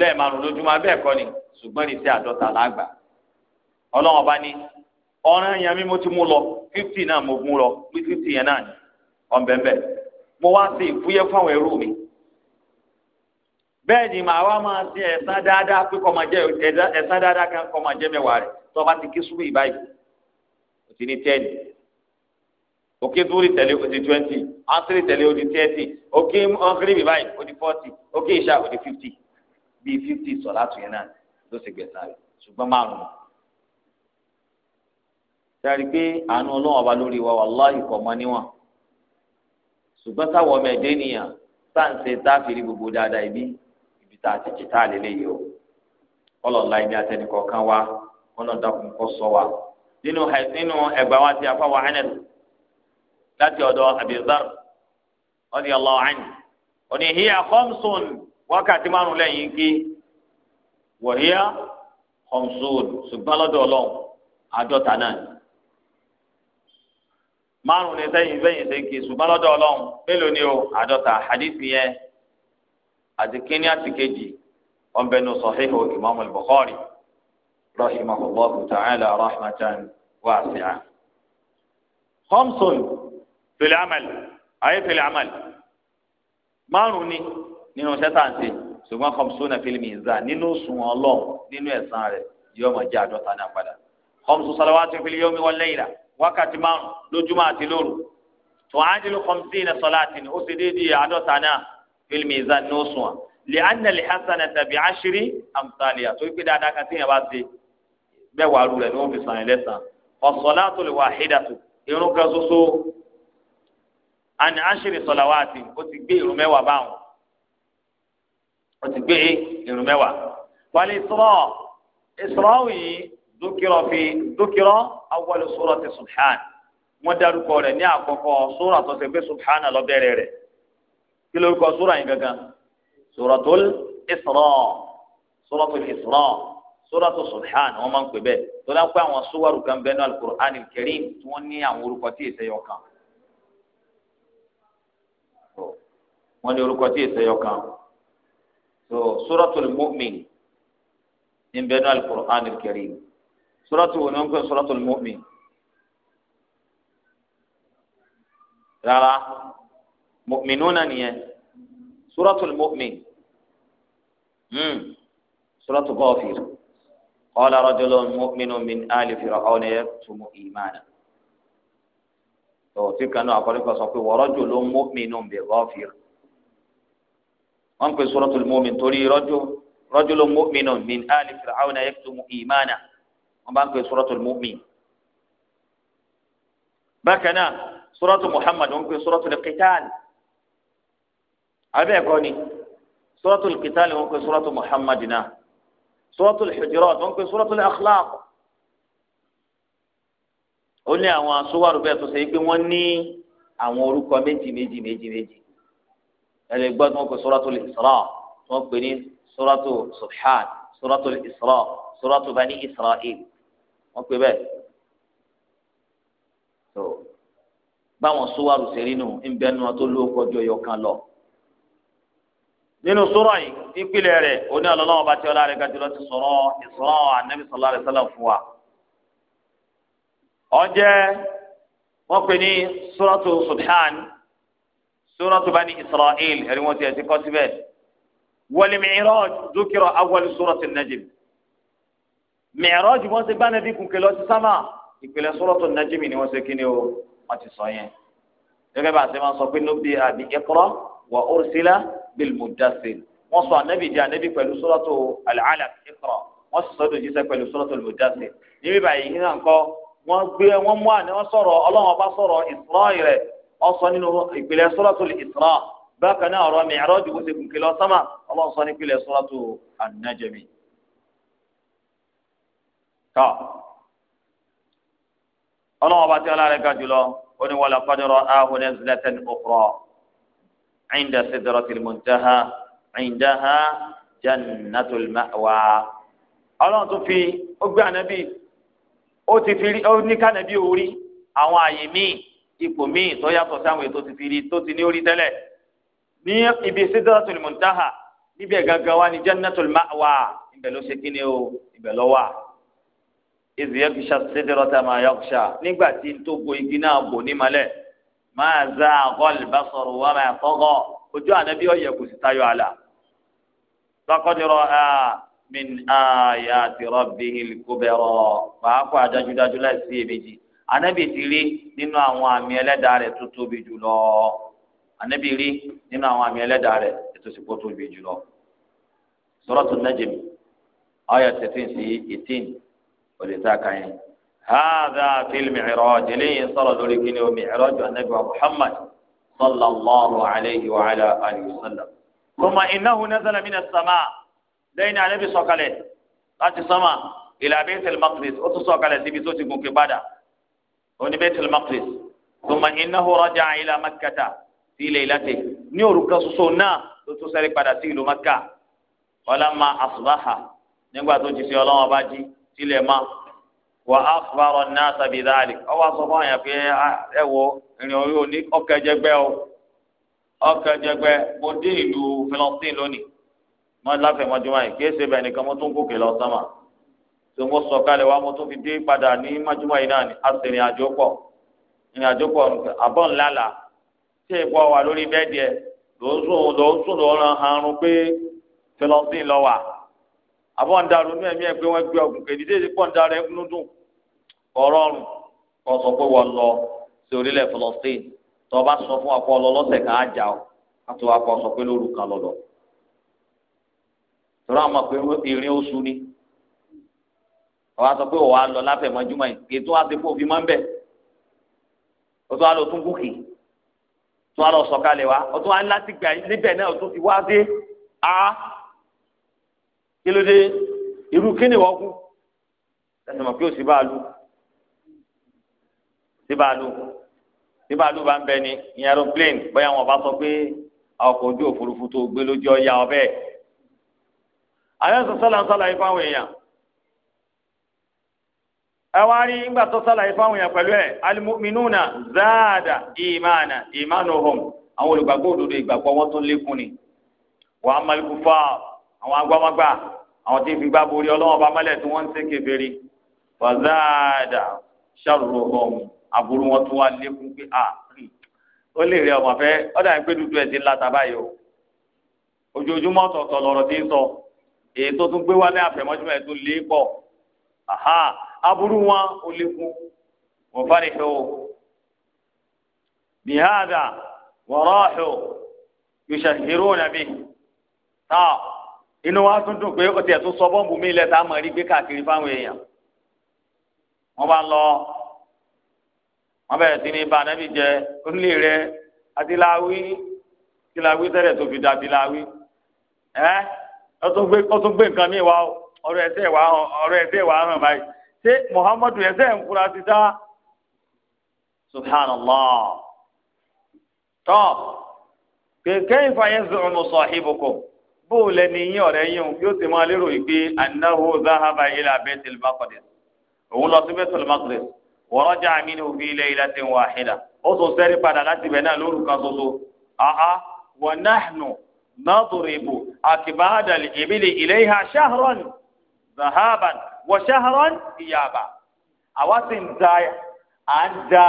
lẹ́ẹ̀márùn lójúmọ́ abẹ́ẹ̀ kọ́ ni ṣùgbọ́n ní sí àdọ́ta lágbà ọlọ́wọ́n bá ní ọ̀ràn yẹn mi mo lọ fifty náà mo mú lọ pé yẹn náà ni ọ̀nbẹ̀nbẹ̀ mo wá sí ìfúyẹ́ fún àwọn ẹrú mi bẹ́ẹ̀ ni màá wá máa ṣe ẹ̀san dáadáa pé kọ́ máa jẹ́ ẹ̀san dáadáa kan kọ́ máa jẹ́ mẹ́wàá rẹ̀ tó o bá ti kí súrù ìbáyìí o ti ní tẹ́ẹ̀nì òkè dúró tẹ̀lé o di twenty asiri tẹ̀lé o di thirty òkè ọ̀nkiri bíbáyìí o di forty òkè ìṣá o di fifty bíi fifty sọ̀lá tuyẹn náà ló sì gbẹ̀sán rẹ̀ ṣùgbọ́n márùn-ún sáré pé àánú ọlọ́wọ́n ọba lórí wa wàláhì kọ̀ mọ́ níwọ̀n ṣùgbọ́n táwọn ọmọ ẹ̀dẹ́ nìyàn tá a fi rí gbogbo dáadáa ibi ibi tá a ti jì tá a lè léyìí o ọlọ́ọ̀la ẹni àtẹnukọ̀ kan wa ọlọ́ọ̀dàkùn kọ́ sọ wa nínú ẹgbàá wa ti afáwọn ẹnẹt láti ọ̀dọ̀ abizar radiyallahu anhu òní hiya khamsun wákàtí márùn lẹ́yìn kí wọ̀híyà khamsun ṣùgbọ́n lọ́dọ̀ márùn ní sẹ́yìn sẹ́yìn ṣe kì í ṣùgbọ́n lọ́dọ̀ ọlọ́run mélòó ni o àádọ́ta hadith yẹn àti kínní àti kejì ọ̀nbẹ́nu sahihu imam al-bukhari rahimahullahu ta'ala rahmatan wasi'a. khamsun fil amal ayé fil amal márùn ni nínú sẹ́tàǹtì ṣùgbọ́n khamsuna fil mizan nínú sùnwọ̀n ọlọ́run nínú ẹ̀sán rẹ̀ yóò máa jẹ́ àádọ́ta náà padà. khamsu salawati fil yawmi wal layla wákàtí márùn lójúmọ́ àti lóru tó àádìlú kọ́mtì ní sọ́láàtì ní ó sì déédéé àádọ́ta náà fil mizan ní oṣù wa lè ànà lè hasana tàbí àṣírí àmútalẹ̀ àti wípé dáadáa kan tí yẹn bá ṣe bẹ́ẹ̀ wà lù rẹ̀ ní wọ́n fi sàn ẹ̀lẹ́sàn ọ̀sọ̀láàtò lè wà àhídàtò irun kan ṣoṣo àni àṣírí sọ̀làwàtì ó ti gbé irun mẹ́wàá báwọn ó ti gbé irun mẹ́wàá wàlẹ̀ ìsọ̀rọ̀ ìsọ̀rọ̀ yìí dúkìrọ̀ fi dúkìrọ̀ awọ́lu sóra ti subhan wọ́n dárúkọ rẹ̀ ní àkọ́kọ́ sóra tó ṣe pé subhan ló bẹ̀rẹ̀ rẹ̀ kí ló kọ sóra yìí gangan suratul isra suratul isra suratul subhan wọ́n máa ń pè bẹ́ẹ̀ tó dá pé àwọn sówárù kan bẹ́ẹ̀ náà alukur'an karim tí wọ́n ní àwọn orúkọ tí èsè yọ kan wọ́n ní orúkọ tí èsè yọ kan so suratul mu'min ń bẹ́ẹ̀ náà alukur'an karim. sọ́rọ́tù wo ni wọ́n ń pè sọ́rọ́tù mọ́mìn rárá mọ́mìnúnà nìyẹn sọ́rọ́tù mọ́mìn sọ́rọ́tù gọ́ọ̀fìr qala rajulun mu'minun min ali fir'auna yaktumu imana tòótì kan náà àkọ́lẹ́kọ̀ sọ pé wa rajulun mu'minun bi ghafir wọ́n ń pè sọ́rọ́tù mọ́mìn torí rajulun mu'minun min ali fir'auna yaktumu imana. wọn bá ń pè suratul mu'min bákan náà suratu muhammad wọn pè suratul qital abẹ́ ẹ̀kọ́ ni suratul qital wọn pè suratu muhammad náà suratul hujurat wọn pè suratul akhlaq ó ní àwọn suwaru bẹ́ẹ̀ tó ṣe é pé wọ́n ní àwọn orúkọ méjì méjì méjì méjì ẹlẹ gbọ́ tí wọ́n kọ suratul isra wọ́n pè ní suratu subhan suratul isra suratu bani isra'il wọ́n pè bẹ́ẹ̀ tó báwọn sówárù ṣe rí nù ń bẹnu wọn tó lóko ju ẹyọ kan lọ nínú sọ́rọ̀ yìí ìpìlẹ̀ rẹ̀ oní ọlọ́lọ́wọ́ bá tí ọlá rẹ̀ gàdúrà ti sọ̀rọ̀ ìsọ̀rọ̀ ànábì sallallahu alaihi wasallam fún wa. ọjẹ́ wọ́n pè ní suratu subhan suratu bani israel ẹ̀rí wọn ti ẹ̀ ti kọ́ síbẹ̀ wal mi'raj dhukira awwal surati najm mẹ̀rọ jù wọ́n ṣe bá nàbí gùnkè lọ sí sámà ìpìlẹ̀ sọ́rọ́tò nàjẹ́mì ni wọ́n ṣe kíni o wọ́n ti sọ yẹn. gẹ́gẹ́ bá a ṣe máa sọ pé nóbi àbí ẹ̀kọ́rọ́ wà ursila bil muddaththir wọ́n sọ ànábì di ànábì pẹ̀lú sọ́rọ́tò al-alaq ẹ̀kọ́rọ́ wọ́n sì sọ́dọ̀ jíṣẹ́ pẹ̀lú sọ́rọ́tò al-muddaththir níbi báyìí nínú àǹkọ́ wọ́n gbé wọ́n mú àná wọ́n sọ̀rọ̀ ọlọ́run ọba sọ̀rọ̀ Isra'i tọ́ ọlọ́wọ́n bá tí ọlá rẹ̀ ga jùlọ ó ní wàlá kọ́dọ̀rọ̀ ahùn ẹ̀zílẹ̀tẹ̀ni òkúrọ̀ ẹ̀yìndà sidratil muntaha ẹ̀yìndáha jannatul ma'wa. ọlọ́run tó fi ó gbé ànábì ó ti fi ó ní kànábì orí àwọn àyè míì ipò míì tó yàtọ̀ sáwọn ètò ti fi rí tó ti ní orí tẹ́lẹ̀ ní ibi sidratul muntaha níbẹ̀ gangan wá ní jannatul ma'wa ibẹ̀ ló ṣe kíni o ibẹ̀ ló ìzìyẹ́kìṣà sídìrọ́tà máa yọ̀kṣà nígbà tí n tó bo igi náà bò ní malẹ̀ máa zá àgọ́lì bá sọ̀rọ̀ wá máa tọ́gọ́ ojú ànábì ọ̀yẹ̀ kò sì tayọ àlà. lọ́kọ́dúrọ̀ a min aya tìrọ̀ bí ìlìkúbẹ̀rọ̀ pàápàá dájúdájú láìsí èméjì ànábì ti rí nínú àwọn àmì ẹlẹ́dàá rẹ̀ tó tóbi jùlọ ànábì rí nínú àwọn àmì ẹlẹ́dàá rẹ̀ tó sì kó tóbi jùlọ. suratul najm aya 13 sí 18 òde tá a kàn yẹn. هذا في المعراج لين صار ذلك اليوم معراج النبي محمد صلى الله عليه وعلى آله وسلم ثم إنه نزل من السماء لين على النبي صلى láti sọ́mà ìlà bẹ́tẹ̀lì maqdis ó tún sọ̀ kalẹ̀ síbi tó ti gòkè padà ó ní bẹ́tẹ̀lì maqdis thumma innahu raja'a ila makkata sí laylatihi ní òrùka soso náà ló tún sẹ́rí padà sí ìlú maka walamma asbaha nígbà tó ti fi ọlọ́wọ́n bá jí tilẹ̀ ma wà á fúbarọ̀ náà tàbí dáàlì ọwọ́ sọ fún àyàn ah, ẹ wo ìrìn orí òní ọkẹjẹgbẹ́ o ọkẹjẹgbẹ́ mo dé ìlú Filistin lónìí mo láfẹ̀ẹ́ mọ́júmọ́ yìí kí ẹsẹ̀ bẹ́ẹ̀ nìkan mo tún gòkè lọ sọ́mà tó mo sọ kalẹ̀ wa mo tún fi dé padà ní mọ́júmọ́ yìí náà ni a sì rìn àjò pọ̀ àjò pọ̀ àbọ̀ ńlá àbọ̀ ń darú ní ẹ̀mí ẹ̀ pé wọ́n gbé ọkùn kèdí dédé pọ̀ ń darú ẹkún dùn ọ̀rọ̀rùn kọ́ sọ pé wọ́n lọ sí orílẹ̀ Palestine tó bá sọ fún akọ lọ lọ́sẹ̀ kan á jà ọ́ àti wàá kọ́ sọ pé lóru kan lọ lọ. tọ́lá àmọ́ pé ìrìn oṣù ni wọ́n sọ pé wọ́n lọ láfẹ̀mọ́júmọ́ yìí kí tó wá ti fòfin mọ́ ń bẹ̀ ó tó wá lọ tún gòkè tó wá lọ sọ̀kalẹ̀ wá ó tó wá láti gbà kí ló dé irú kíni wọ́n kú ẹsẹ̀ mọ̀ pé òsì bá a lù sí bá a lù sí bá a lù bá ń bẹ ni ìyẹn aeroplane bóyá wọn bá sọ pé ọkọ̀ ojú òfurufú tó gbé lójú ọ̀ya ọbẹ̀ àyẹ̀sọ̀ sọ́là ń sàlàyé fáwọn èèyàn ẹ wá rí nígbà tó sàlàyé fáwọn èèyàn pẹ̀lú ẹ̀ alimuminuna zaada imana imanuhum àwọn olùgbàgbọ́ òdodo ìgbàgbọ́ wọn tó lékún ni wàá malikú fáà àwọn agbámagbá àwọn tí fi gbá borí ọlọ́wọ́n bá mẹ́lẹ̀ tí wọ́n ń ṣe kèfèrí fọ́záàdà ṣàrùrù ọ̀hún aburú wọn tún wá lékún pé a ah, ó lè rí ọmọ fẹ́ ọ̀dà yẹn pé dúdú ẹ̀ ti ń láta báyìí o ojoojúmọ́ ọ̀tọ̀ọ̀tọ̀ lọ̀rọ̀ ti ń sọ èyí tó tún gbé wá àfẹ̀mọ́júmọ́ ẹ̀ tó lé pọ̀ aha wọn ó lékún wọ́n fárí ṣe o bìhádà wọ́rọ́ ṣe o yóò ṣàṣírò nàbí inú wa tún dùn pé ó tiẹ̀ tún sọ bọ́ǹbù mi lẹ́ta mọ̀ rí gbé káàkiri fáwọn èèyàn wọ́n bá lọ wọ́n bẹ̀rẹ̀ sí ní bá anábì jẹ onílé rẹ adiláwí adiláwí tẹ́lẹ̀ tó fi da adiláwí ẹ́ ó tún gbé nǹkan mi wá ọ̀rọ̀ ẹ̀sẹ̀ wá ọ̀rọ̀ ẹ̀sẹ̀ wá hàn báyìí ṣé bóun lẹni yín ọ̀rẹ́ yín yóò sì máa lérò yìí pé anahu zahaba ila baitul maqdis òun lọ sí baitul maqdis wa raja'a minhu fi laylatin wahida ó tún sẹ́rí padà láti ibẹ̀ náà lóru kan ṣoṣo àhá wa nahnu nadribu akbada al-ibili ilayha shahran zahaban wa shahran iyaba àwa sì ń da à ń da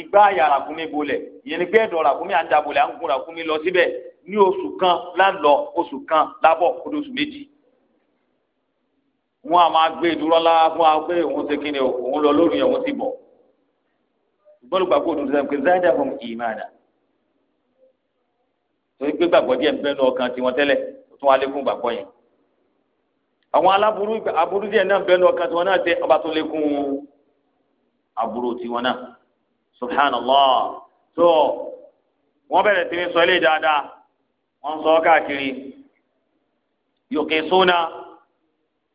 igbá yàrá kúmi bolẹ̀ yẹn ni pé ẹ̀dọ̀ ní oṣù kan lálọ oṣù kan lábọ̀ kó ní oṣù méjì wọn a máa gbé ìdúró ńlá fún wa pé òun ṣe kí ni òun lọ lórí òun ti bọ̀ ṣùgbọ́n olùgbà kó dùn sẹ́yìn pé záyidá fún ìmáàdà torí pé gbàgbọ́ díẹ̀ ń bẹ́ẹ̀ nu ọkàn tiwọn tẹ́lẹ̀ tó tún wá lékún gbàgbọ́ yẹn àwọn aláburú aburú díẹ̀ náà ń bẹ́ẹ̀ nu ọkàn tiwọn náà tẹ ọba tó lékún aburú tiwọn náà subhanallah tó wọ́n bẹ̀rẹ̀ sí ní sọ ilé dáadáa wọ́n sọ káàkiri yòókè sóná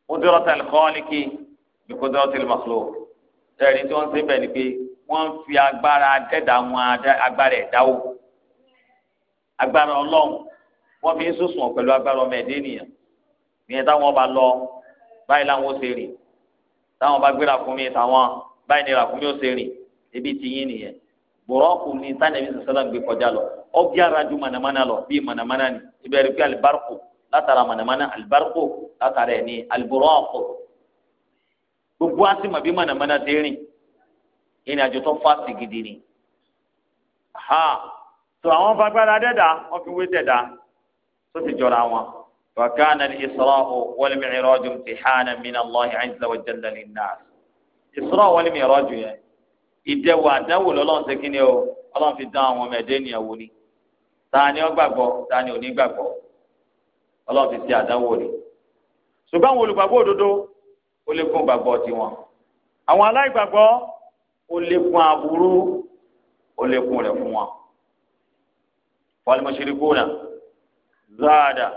kódọ́rọ́tà kọ́ọ́lìkì bí kódọ́rọ́tà makhluq ẹ̀rí tí wọ́n ṣe bẹ̀ ni pé wọ́n fi agbára dẹ́dà wọn agbára ẹ̀dáwó agbára ọlọ́run wọ́n fi ń sùsùn pẹ̀lú agbára ọmọ ẹ̀dẹ́ ènìyàn ìyẹn táwọn bá lọ báyìí làwọn ó ṣe rìn táwọn bá gbéra fún mi táwọn báyìí ni ràkúnmí ó ṣe rìn ebi tiyín nìyẹn bùrọ́kù ni tánàbí sọ̀sọ́lá gbé kọjá lọ ọgbẹ́ara ju mọ̀nàmọ́ná lọ bíi mọ̀nàmọ́ná ni ìbẹ̀rù pé alibárikò látara mọ̀nàmọ́ná alibárikò látara ẹ̀ ní aliburọ́ọ̀kọ̀ gbogbo àti mọ̀ bí mọ̀nàmọ́ná ti rìn ìrìn àjò tó fásitì gidi ni. tó àwọn fagbára dẹ́dà wọ́n fi wé dẹ́dà tó ti jọra wọn. فكان الإسراء والمعراج امتحانا من الله عز وجل للناس إسراء والمعراج يعني ìdẹwà àdánwò lọ́lọ́run ṣe kíni o Ọlọ́run fi dán àwọn ọmọ ẹdẹ ènìyàn ni ta ni ó gbàgbọ́ ta ni ò ní gbàgbọ́ ọlọ́run ti ṣe àdánwò rẹ̀ ṣùgbọ́n àwọn olùgbàgbọ́ òdodo ó lékún gbàgbọ́ tiwọn àwọn aláìgbàgbọ́ ó lékún aburú ó lékún rẹ̀ fún wọn. fọlímọ̀ṣẹ́rì kúnà záàdà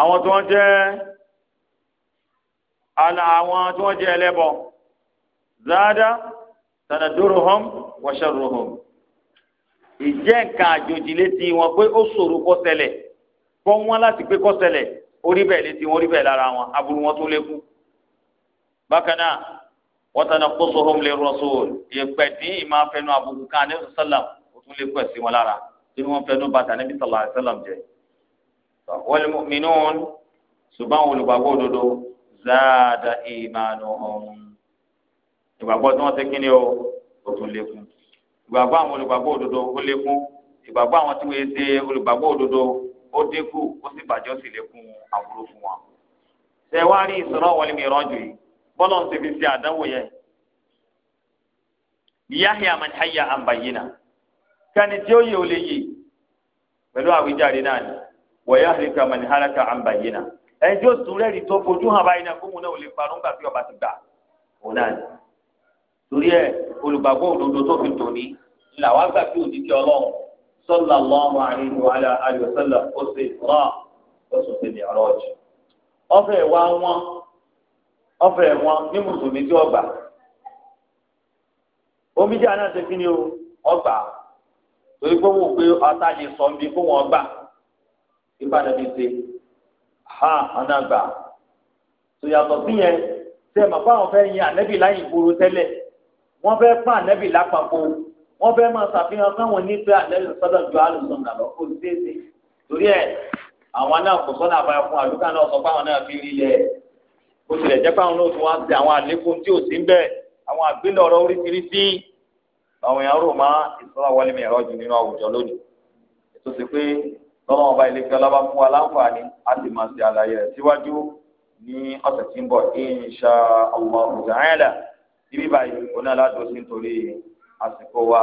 àwọn tí wọ́n jẹ́ àlà àwọn tí wọ́n jẹ́ ẹlẹ́bọ záàdà tànàdúró hàn wọ́ṣẹ́ rò ìjẹ́ nǹkan àjòjì létí wọn pé ó ṣòro kó ṣẹlẹ̀ kọ́ wọn láti pé kó ṣẹlẹ̀ orí bẹ́ẹ̀ létí wọn orí bẹ́ẹ̀ lára wọn aburú wọn tó lékún. bákan náà wọ́n tán náà kó sọ̀rọ̀ mi lè Rasul ìpẹ́ tí ì máa fẹnu àbùkù kan àní sọ́làm ó tún lè pẹ̀ wọn lára tí wọ́n fẹnu bàtà níbi sallallahu alaihi wasallam jẹ́. wal ṣùgbọ́n olùgbàgbọ́ òdodo zaada ìmánu ọ̀hún ìgbàgbọ́ àwọn olùgbàgbọ́ òdodo ó lékún ìgbàgbọ́ àwọn tí wọ́n ṣe olùgbàgbọ́ òdodo ó dínkù ó sì bàjẹ́ ó sì lékún àbúrò fún wọn. ṣé wàá yìí bọ́lá ń sí àdánwò yẹn. an tí ó yẹ ó lè pẹ̀lú àwíjàre náà ni an bayyina tí ó sùn tó fojú hàn báyìí torí ẹ olùgbàgbọ́ òdodo tó fi tòní làwọn àgbà tí òdìdí ọlọ́run sallallahu alaihi wa alihi wa sallam ó ṣe ìfúnná ó sì ṣe Mi'raj ọfẹ wa wọn ọfẹ wọn ní mùsùlùmí tí ọgbà omijé aná ṣe kí ni o ọgbà torí pé wọn ò pé ọta lè sọ níbi fún wọn gbà ìbàdàn mi ṣe ha ọ̀nà gbà tòyàtọ̀ sí yẹn tẹ màá fáwọn fẹ́ yin ànẹ́bí láyìn ìgboro tẹ́lẹ̀ wọ́n fẹ́ pa ànẹ́bì lápapọ̀ wọ́n fẹ́ máa ṣàfihàn káwọn nífẹ̀ẹ́ ànẹ́bì sọ́dọ̀ ju àlùsọ̀nù àlọ́ kó déédéé torí ẹ̀ àwọn náà kò sọ́nà àbáyọ fún àdúgbò náà sọ pé àwọn náà fi rí ilẹ̀ ó tilẹ̀ jẹ́ pé àwọn náà tún wá sí àwọn àlékún tí ò sí ń bẹ̀ àwọn àgbélé ọ̀rọ̀ oríṣiríṣi àwọn èèyàn rò máa ìṣọ́ra wọlé mi ẹ̀rọ jù nínú àwùjọ lónìí ètò sí pé lọ́wọ́ ọba ilé fi ọlọ́ba fún wa láǹfààní a sì máa ṣe àlàyé rẹ̀ síwájú ní ọ̀sẹ̀ tí ń bọ̀ insha Allah ta'ala ibi báyìí oní aládùn sí nítorí àsìkò wa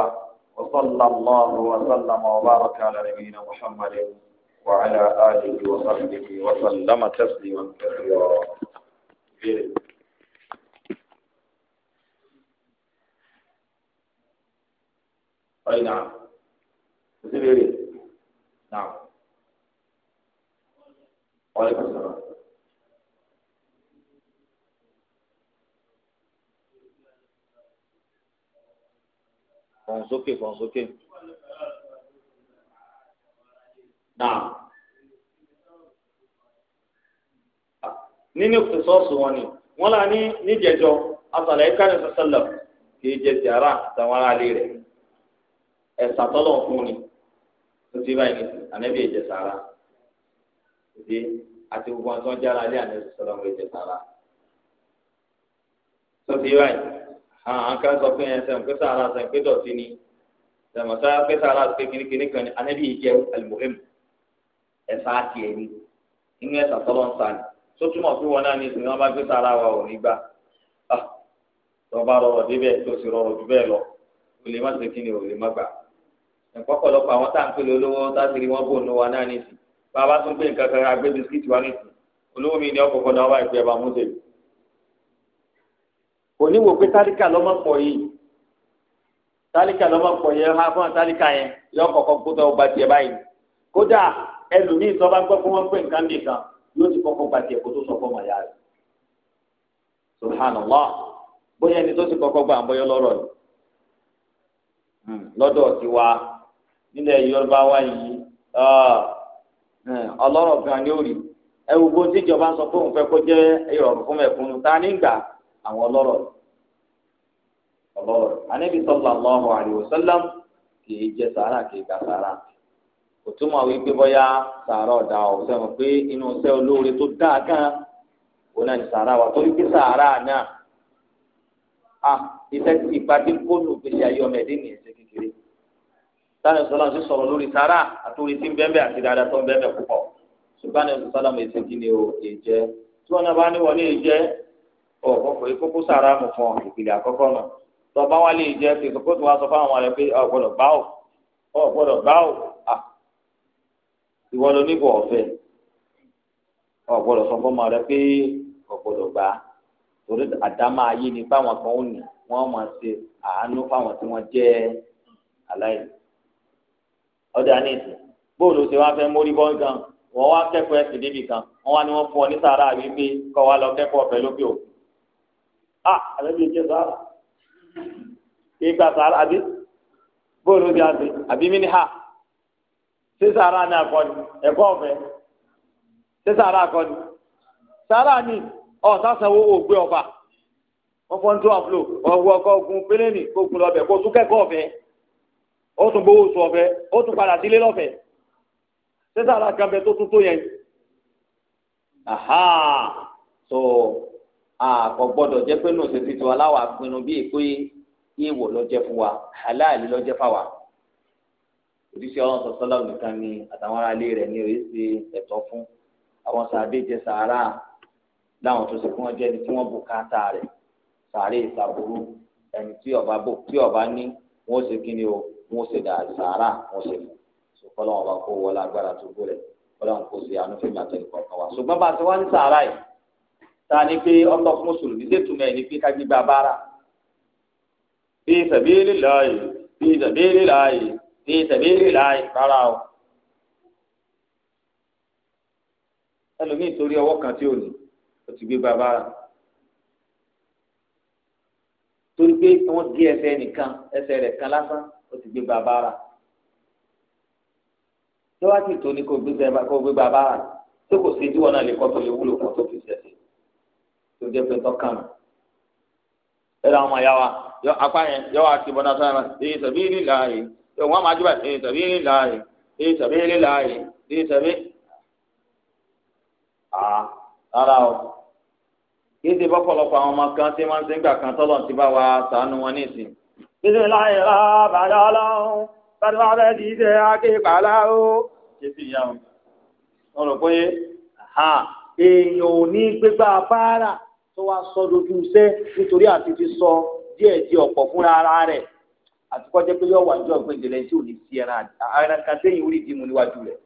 wa sallallahu wa baraka ala nabiyina muhammadin wa ala alihi wa sahbihi wa sallama tasliman kathira. أي نعم تسير نعم وعليكم السلام fọ̀n sókè fọ̀n sókè. Náà nínú ìfẹsọ̀ọ̀sù wọn ni wọ́n là ní níjẹ̀jọ́ asàlẹ̀ ìkànnì sọ́sọ́lọ̀ kì í jẹ tìara àtàwọn aráàlú rẹ̀ ẹ̀sà tọ́lọ̀ fún ni tó ti báyìí ànábì ìjẹ sàrà ìdí àti gbogbo àwọn tó jára lé ànábì sọ́lọ̀ ìjẹ sàrà tó ti báyìí àwọn kan sọ pé ẹ sẹ́wọ̀n pé sàrà sẹ́wọ̀n pé dọ̀tí ni sẹ́wọ̀n sọ pé sàrà pé kìnnìkìnnì kan ni anabi yìí jẹ́ alimuhim ẹ̀sà àti ẹ̀mí inú ẹ̀sà tọ́lọ́ ń sàn tó túmọ̀ pé wọn náà ní ìsìn wọn bá gbé sàrà wa ò ní gbà ah, tó bá rọrọ̀ débẹ̀ tó sì rọrọ̀ jù bẹ́ẹ̀ lọ ò lè má ṣe kí ni ò lè má gbà ẹ̀kọ́ pọ̀lọpọ̀ àwọn tá à ń pèlè olówó tásìrì wọn bò kò ní wò pé tálíkà lọ́mọ pọ̀ yìí tálíkà lọ́mọ pọ̀ yẹn ha fún tálíkà yẹn yọ kọ̀kọ́ kótó ọgbà tiẹ̀ báyìí kódà ẹlòmíì tó bá gbọ́ fún wọn pé nǹkan nìkan yóò ti kọ́kọ́ gbà tiẹ̀ kó tó sọ fún màyà rẹ̀ subhanallah bóyá ẹni tó ti kọ́kọ́ gbà ń lọ́rọ̀ ni hmm, lọ́dọ̀ tiwa nílẹ̀ Yorùbá wa yìí ah, hmm, ọlọ́rọ̀ gan ni ó rí ẹ wo bó tíjọba sọ pé òun fẹ́ kó jẹ́ ìrọ̀rùn fún mẹ̀kúnnù ta ní gbà àwọn ọlọ́rọ̀ ọlọ́rọ̀ anábì sallallahu alaihi wasallam kì í jẹ sàárà kì í gba sàárà kò túmọ̀ wípé bọ́yá sàárà ọ̀dà ọ̀sẹ̀ mọ̀ pé inú iṣẹ́ olóore tó dáa gan òun náà ní sàárà wà torí pé sàárà náà a iṣẹ́ ìpàdé kónú gbèsè ayé ọmọ ẹ̀dẹ́ nìyẹn ṣe kékeré táwọn ìṣọ́lá ń sọ̀rọ̀ lórí sàárà àtòrí tí ń bẹ́ẹ̀ àti dáadáa tó ń bẹ́ẹ̀ púpọ̀ ṣùgbọ́n ìṣọ́lá mi ṣe kí ni o èjẹ́ tí wọ́n náà bá ní wọlé èjẹ́ ọ̀gbọ́n pé kókó sàrà mọ̀ fún ọ ìpìlẹ̀ àkọ́kọ́ náà tọba wa lè jẹ pé kókó tó wá sọ fáwọn ọmọ rẹ pé ọ̀gbọ́dọ̀ gbá ò ọ̀gbọ́dọ̀ gbá ò à ìwọ ló níbọ̀ ọ̀fẹ́ ọ̀gbọ́dọ̀ sọ fọmọ rẹ pé ọ̀gbọ́dọ̀ gbá torí àdámà ayé ni fáwọn kan ò ní wọn máa ṣe àánú fáwọn tí wọn jẹ aláìní ọdẹ àníìsì bóòlù tí wọn fẹ́ mórí bọ́ńgàn wọn wá kẹ́kọ̀ọ́ ẹ̀sìn débì kan wọn wá ní wọn fún ọ ní sàrà wípé kọ́ wa lọ kẹ́kọ̀ọ́ pẹ̀lú bí òkú a àlejò ìjẹ sàrà ìgbà sàrà àbí bóòlù bí a ti àbí mí ní ha ṣé sàrà ni àkọni ẹ̀kọ́ ọ̀fẹ́ ṣé sàrà àkọni sàrà ni ọ̀sásánwó ògbé ọba wọ́n fọ́n tó àfúlò ọ̀wọ́ ọkọ̀ ogun pélẹ́nì kó gun lọ́bẹ̀ kó tún kẹ́kọ̀ọ́ ọ̀fẹ́ ó tún gbowó oṣù ọ̀fẹ́ ó tún padà sílé lọ́fẹ̀ẹ́ ṣé sàrà kan bẹ tó tún tó yẹn aha so àkọ́ gbọ́dọ̀ jẹ́ pé nùsẹ̀ ti tu aláwọ̀ àpinnu bí èkó èèwọ̀ lọ́jẹ́ fún wa halal lọ́jẹ́ fáwa òdìsí ọlọ́run sọ sọ́lá nìkan ni àtàwọn aráalé rẹ̀ ní òye ṣe ẹ̀tọ́ fún àwọn sàádé jẹ sàárà láwọn tó ṣe kí wọ́n jẹ́ ẹni tí wọ́n bù káàtà rẹ̀ sàárè ìsàbúrú ẹni tí ọba bò tí ọba ní wọ́n ṣe kí ni o wọ́n ṣe dà sàárà wọ́n ṣe fún ṣùgbọ́n ọlọ́run ọba kó wọlé agbára tó gbó rẹ̀ ọlọ́run kó ṣe àánú fún mi àtẹnukọ̀ọ̀kan wa ṣùgbọ́n bá a ti wá ní sàárà yìí ta ni pé ọtọ fún mùsùlùmí létùmọ̀ ẹ̀ ní pé ká gbígbà bára bí sàbílì láàyè bí sàbílì láàyè bí sàbílì láàyè rárá o. ẹlòmíì torí ọwọ́ kan tí ò ní o ti gbígbà bára torí pé wọ́n gé ẹsẹ̀ nìkan ẹsẹ̀ rẹ̀ kan lásán o ti gbígbà bára tó wá sì tó ní kó gbígbà bára tó kò sí ìdíwọ̀n náà lè kọ́ tó lè wúlò kọ́ tó. tó pé tọ́kàn ẹ̀rọ àwọn ọmọ ya wa yọ apá yẹn yọ wá sí bọ́dá sọ́yà èyí sàbí ilé láàyè yọ wọ́n máa jùbà èyí sàbí ilé láàyè èyí sàbí ilé láàyè èyí sàbí. rárá o kí ti bọ́pọ̀lọpọ̀ àwọn ọmọ kan tí wọ́n ti ń gbà kan tọ́lọ̀ ti bá wa sànú wọn rà ọlọ́run bẹ́ẹ̀ ti ṣe o. ìyá o wọn rò pé tó wá sọ dojú iṣẹ́ nítorí àti ti sọ díẹ̀ di ọ̀pọ̀ fúnra ara rẹ̀ àti kọjá pé yọ wájú ọgbẹ ìdílé tí ò ní sí ẹran ẹran kan sẹ́yìn orí ìdí mu níwájú rẹ̀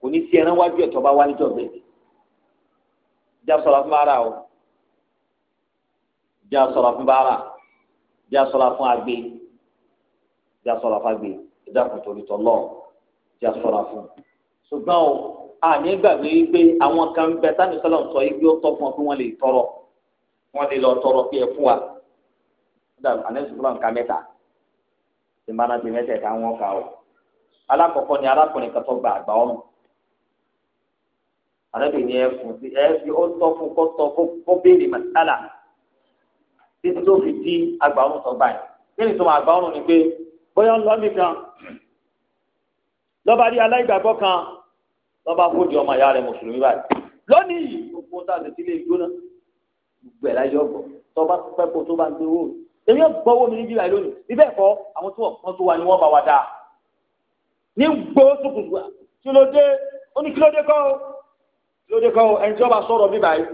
kò ní sí ẹran wájú ẹtọ bá wá níjọ ọgbẹ ìdí já ṣọ́ra fún bàárà o já ṣọ́ra fún bàárà já ṣọ́ra fún agbe já ṣọ́ra fún agbe ìdákùn torí tọ lọ já ṣọ́ra fún ṣùgbọ́n o àní gbàgbé wípé àwọn kan bẹ sani sọlọ sọ yìí yóò tọ́ fún ọ kí wọ́n lè tọrọ wọ́n lè lọ tọrọ pé ẹ fún wa dàbí ànẹ́sì sọlọ nǹkan mẹ́ta ìmọ̀ràn ti mẹ́tẹ̀ẹ̀ta wọn kà ó alákọ̀ọ́kọ́ ni arákùnrin kan tó gba àgbà ọ̀nà àrẹ́bì ni ẹ fún sí ẹ fi ó tọ́ fún kó tọ́ kó béèrè màsálà títí tó fi di àgbà ọ̀run tó báyìí bẹ́ẹ̀ ni tó àgbà ọ̀run ni pé bóyá ń lọ nìkan lọ́ba rí aláìgbàgbọ́ kan tó bá kó di ọmọ ìyá rẹ̀ mùsùlùmí báyìí lónìí yìí gbogbo tá a ti tilé ìgbóná gbẹ láyé ọgbọ tó bá pẹ́ kó tó bá ń gbé owó mi èmi yóò gbọ́ owó mi ní bíbá yìí lónìí bíbẹ́ ẹ̀kọ́ àwọn tó wọ́n tó wà ní wọ́n bá wa dáa ní gbó sùkùnkùn kí ló dé ó ní kí ló dé kọ́ ó kí ló dé kọ́ ó ẹni tí wọ́n bá sọ̀rọ̀ bíbá yìí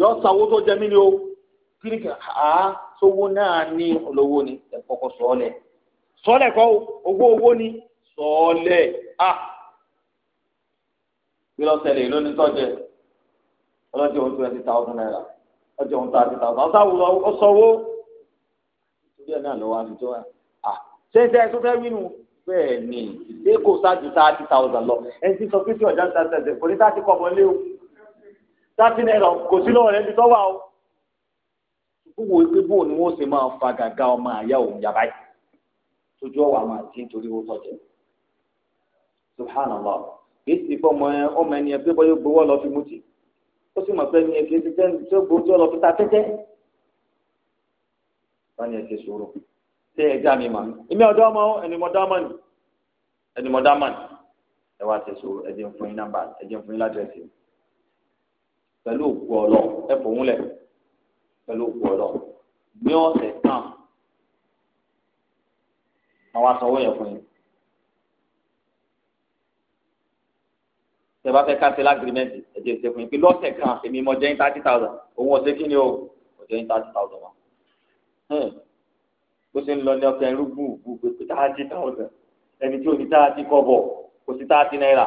yọ sanwó tó jẹ mí ni o kí ni kà á sówó náà ní olówó ni ẹ̀kọ́kọ́ sọ́ọ̀lẹ̀ sọ́ọ̀lẹ̀ kọ́ owó owó ni sọ́ọ̀lẹ̀ ah kí lọ́sẹ̀lẹ̀ ló ní tọ́jẹ́ ọlọ́jẹ́ ohun twenty thousand naira ọjọ́ ohun thirty thousand ọ̀sá wùlọ ọ̀sọ̀wọ́ ìtúbí ẹ̀ náà ló wá ní tó wá à ṣé ṣe ẹ tó fẹ́ wínú bẹ́ẹ̀ ni ṣé kò ṣáájú thirty thousand lọ ẹ ti sọ fífi ọ̀já ta ṣẹ̀ṣẹ̀ kò ní thirty kọ̀ọ̀bọ̀ lé o thirty naira kò sí lọ́wọ́ rẹ̀ bí tọ́wà o wíwo pé bó ni wọ́n ṣe máa fa gàgà ọmọ àyà òun yàrá yìí tójú ọ̀wà máa ti nítorí owó tọ́jẹ́ subhanallah pọ̀ mọ́ ọmọ ẹni ẹ pé bọ́ yóò gbowó lọ fi mutí ó sì mọ̀ pé ẹni ẹ̀kẹ́ ti tẹ́ tí ó gbowó tí ó lọ fi ta tẹ́tẹ́ wọ́n ní ẹ̀kẹ́ sọ̀rọ̀ ṣé ẹ̀já mi mà èmi ọ̀dọ́ ọmọ ẹni mọ̀ dámọ̀ ni ẹni mọ̀ dámọ̀ ni ẹ wá ṣe sọ̀rọ̀ ẹ jẹ́ fún yín nọ́mbà ẹ jẹ́ fún yín ládírẹ́sì pẹ̀lú òkú ọlọ ẹ fòun lẹ̀ pẹ̀lú òkú ọlọ ní ọ̀sẹ̀ kan àwọn asanwó yẹn fún yín tẹ́bá fẹ́ cancel agreement ẹ̀jẹ̀ ṣe fún yín pé lọ́sẹ̀ kan èmi mọ jẹ́ thirty thousand òun ọ̀sẹ̀ kí ni o ọ̀jẹ̀ thirty thousand wa hmm. bó ṣe ń ní ọkàn irú gbùgbù pé thirty thousand ẹni tí o ní thirty kọ́bọ̀ kò sí thirty náírà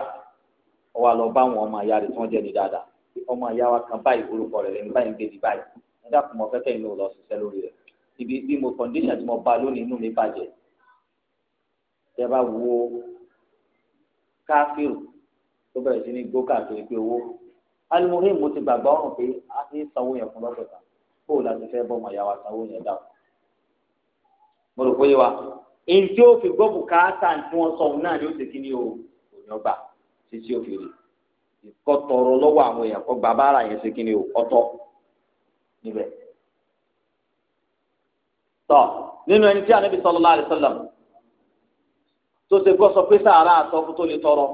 ó wá lọ bá àwọn ọmọ àyà rẹ̀ tí wọ́n jẹ́ ní dáadáa ọmọ àyà wa kan báyìí orúkọ rẹ̀ lẹ́nu báyìí ń gbé ní báyìí ẹ dákun mọ fẹ́fẹ́ inú lọ ṣiṣẹ́ lórí rẹ̀ ibi bí mo condition tí mo bá lónìí inú mi bàjẹ́ tẹ́ bá wo káfíìrù tó bẹ̀rẹ̀ sí ní gbó káàkiri pé owó alimuhi mo ti gbàgbọ́ ọ̀rùn pé a ti sanwó yẹn fún lọ́sẹ̀ kan kó o láti fẹ́ bọ́mọ ìyá wa sanwó yẹn dà mo rò pé wa èyí tí ó fi gbọ́ bùkátà tí wọ́n sọ òun náà ni ó ti kí ni o òyìn ọgbà títí ó fi rè kọ́ tọrọ lọ́wọ́ àwọn èèyàn kọ́ gba bára yẹn ṣe kí ni o ọtọ́ níbẹ̀. tọ́ nínú ẹni tí Ànábì sallallahu alaihi wasallam tó ṣe gbọ́ sọ pé sàárà àtọ́ fún tó lè tọrọ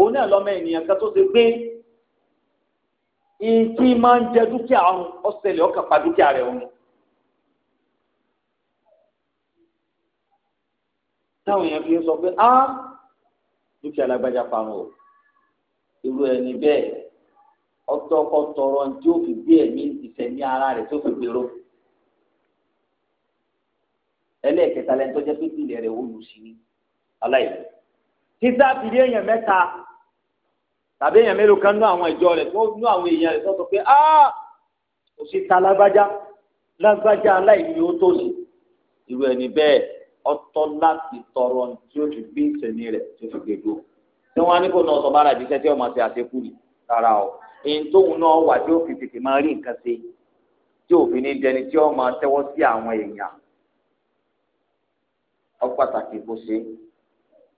òun náà lọ́mọ ènìyàn kan tó ṣe pé ìtì máa ń jẹ dúkìá ọrùn ọ̀sẹ̀lẹ̀ ọkàn pa dúkìá rẹ̀ ọrùn. táwọn èèyàn fi sọ pé ah dúkìá lágbájá parun o irú ẹni bẹ́ẹ̀ ọtọkọ tọrọ ní tí ó fi gbé ẹ̀mí ìfẹ̀mí ara rẹ̀ tó fi gbèrò ẹlẹ́ẹ̀kẹta lẹ́ni tó jẹ́ pé ìpìlẹ̀ rẹ̀ olùsí ni aláìsí títà fìdí èèyàn mẹ́ta tàbí èèyàn mélòó kan nú àwọn ìjọ rẹ̀ tó nú àwọn èèyàn rẹ̀ tó pé áá kò sí ta lágbájá lágbájá aláìní ó tó sí irú ẹni bẹ́ẹ̀ ọ̀tọ̀ láti tọrọ tí ó fi gbé ìsẹ̀mí rẹ̀ tí ó fi gbé dúró tí wọ́n á ní kó náà sọ bára jíṣẹ́ tí ọmọ ṣe àṣekù rì rárá o èyí tóun náà wà tí ó fi tètè máa rí nǹkan ṣe tí òfin ní dẹni tí ọmọ tẹ́wọ́ sí àwọn èèyàn ọ pàtàkì kó ṣe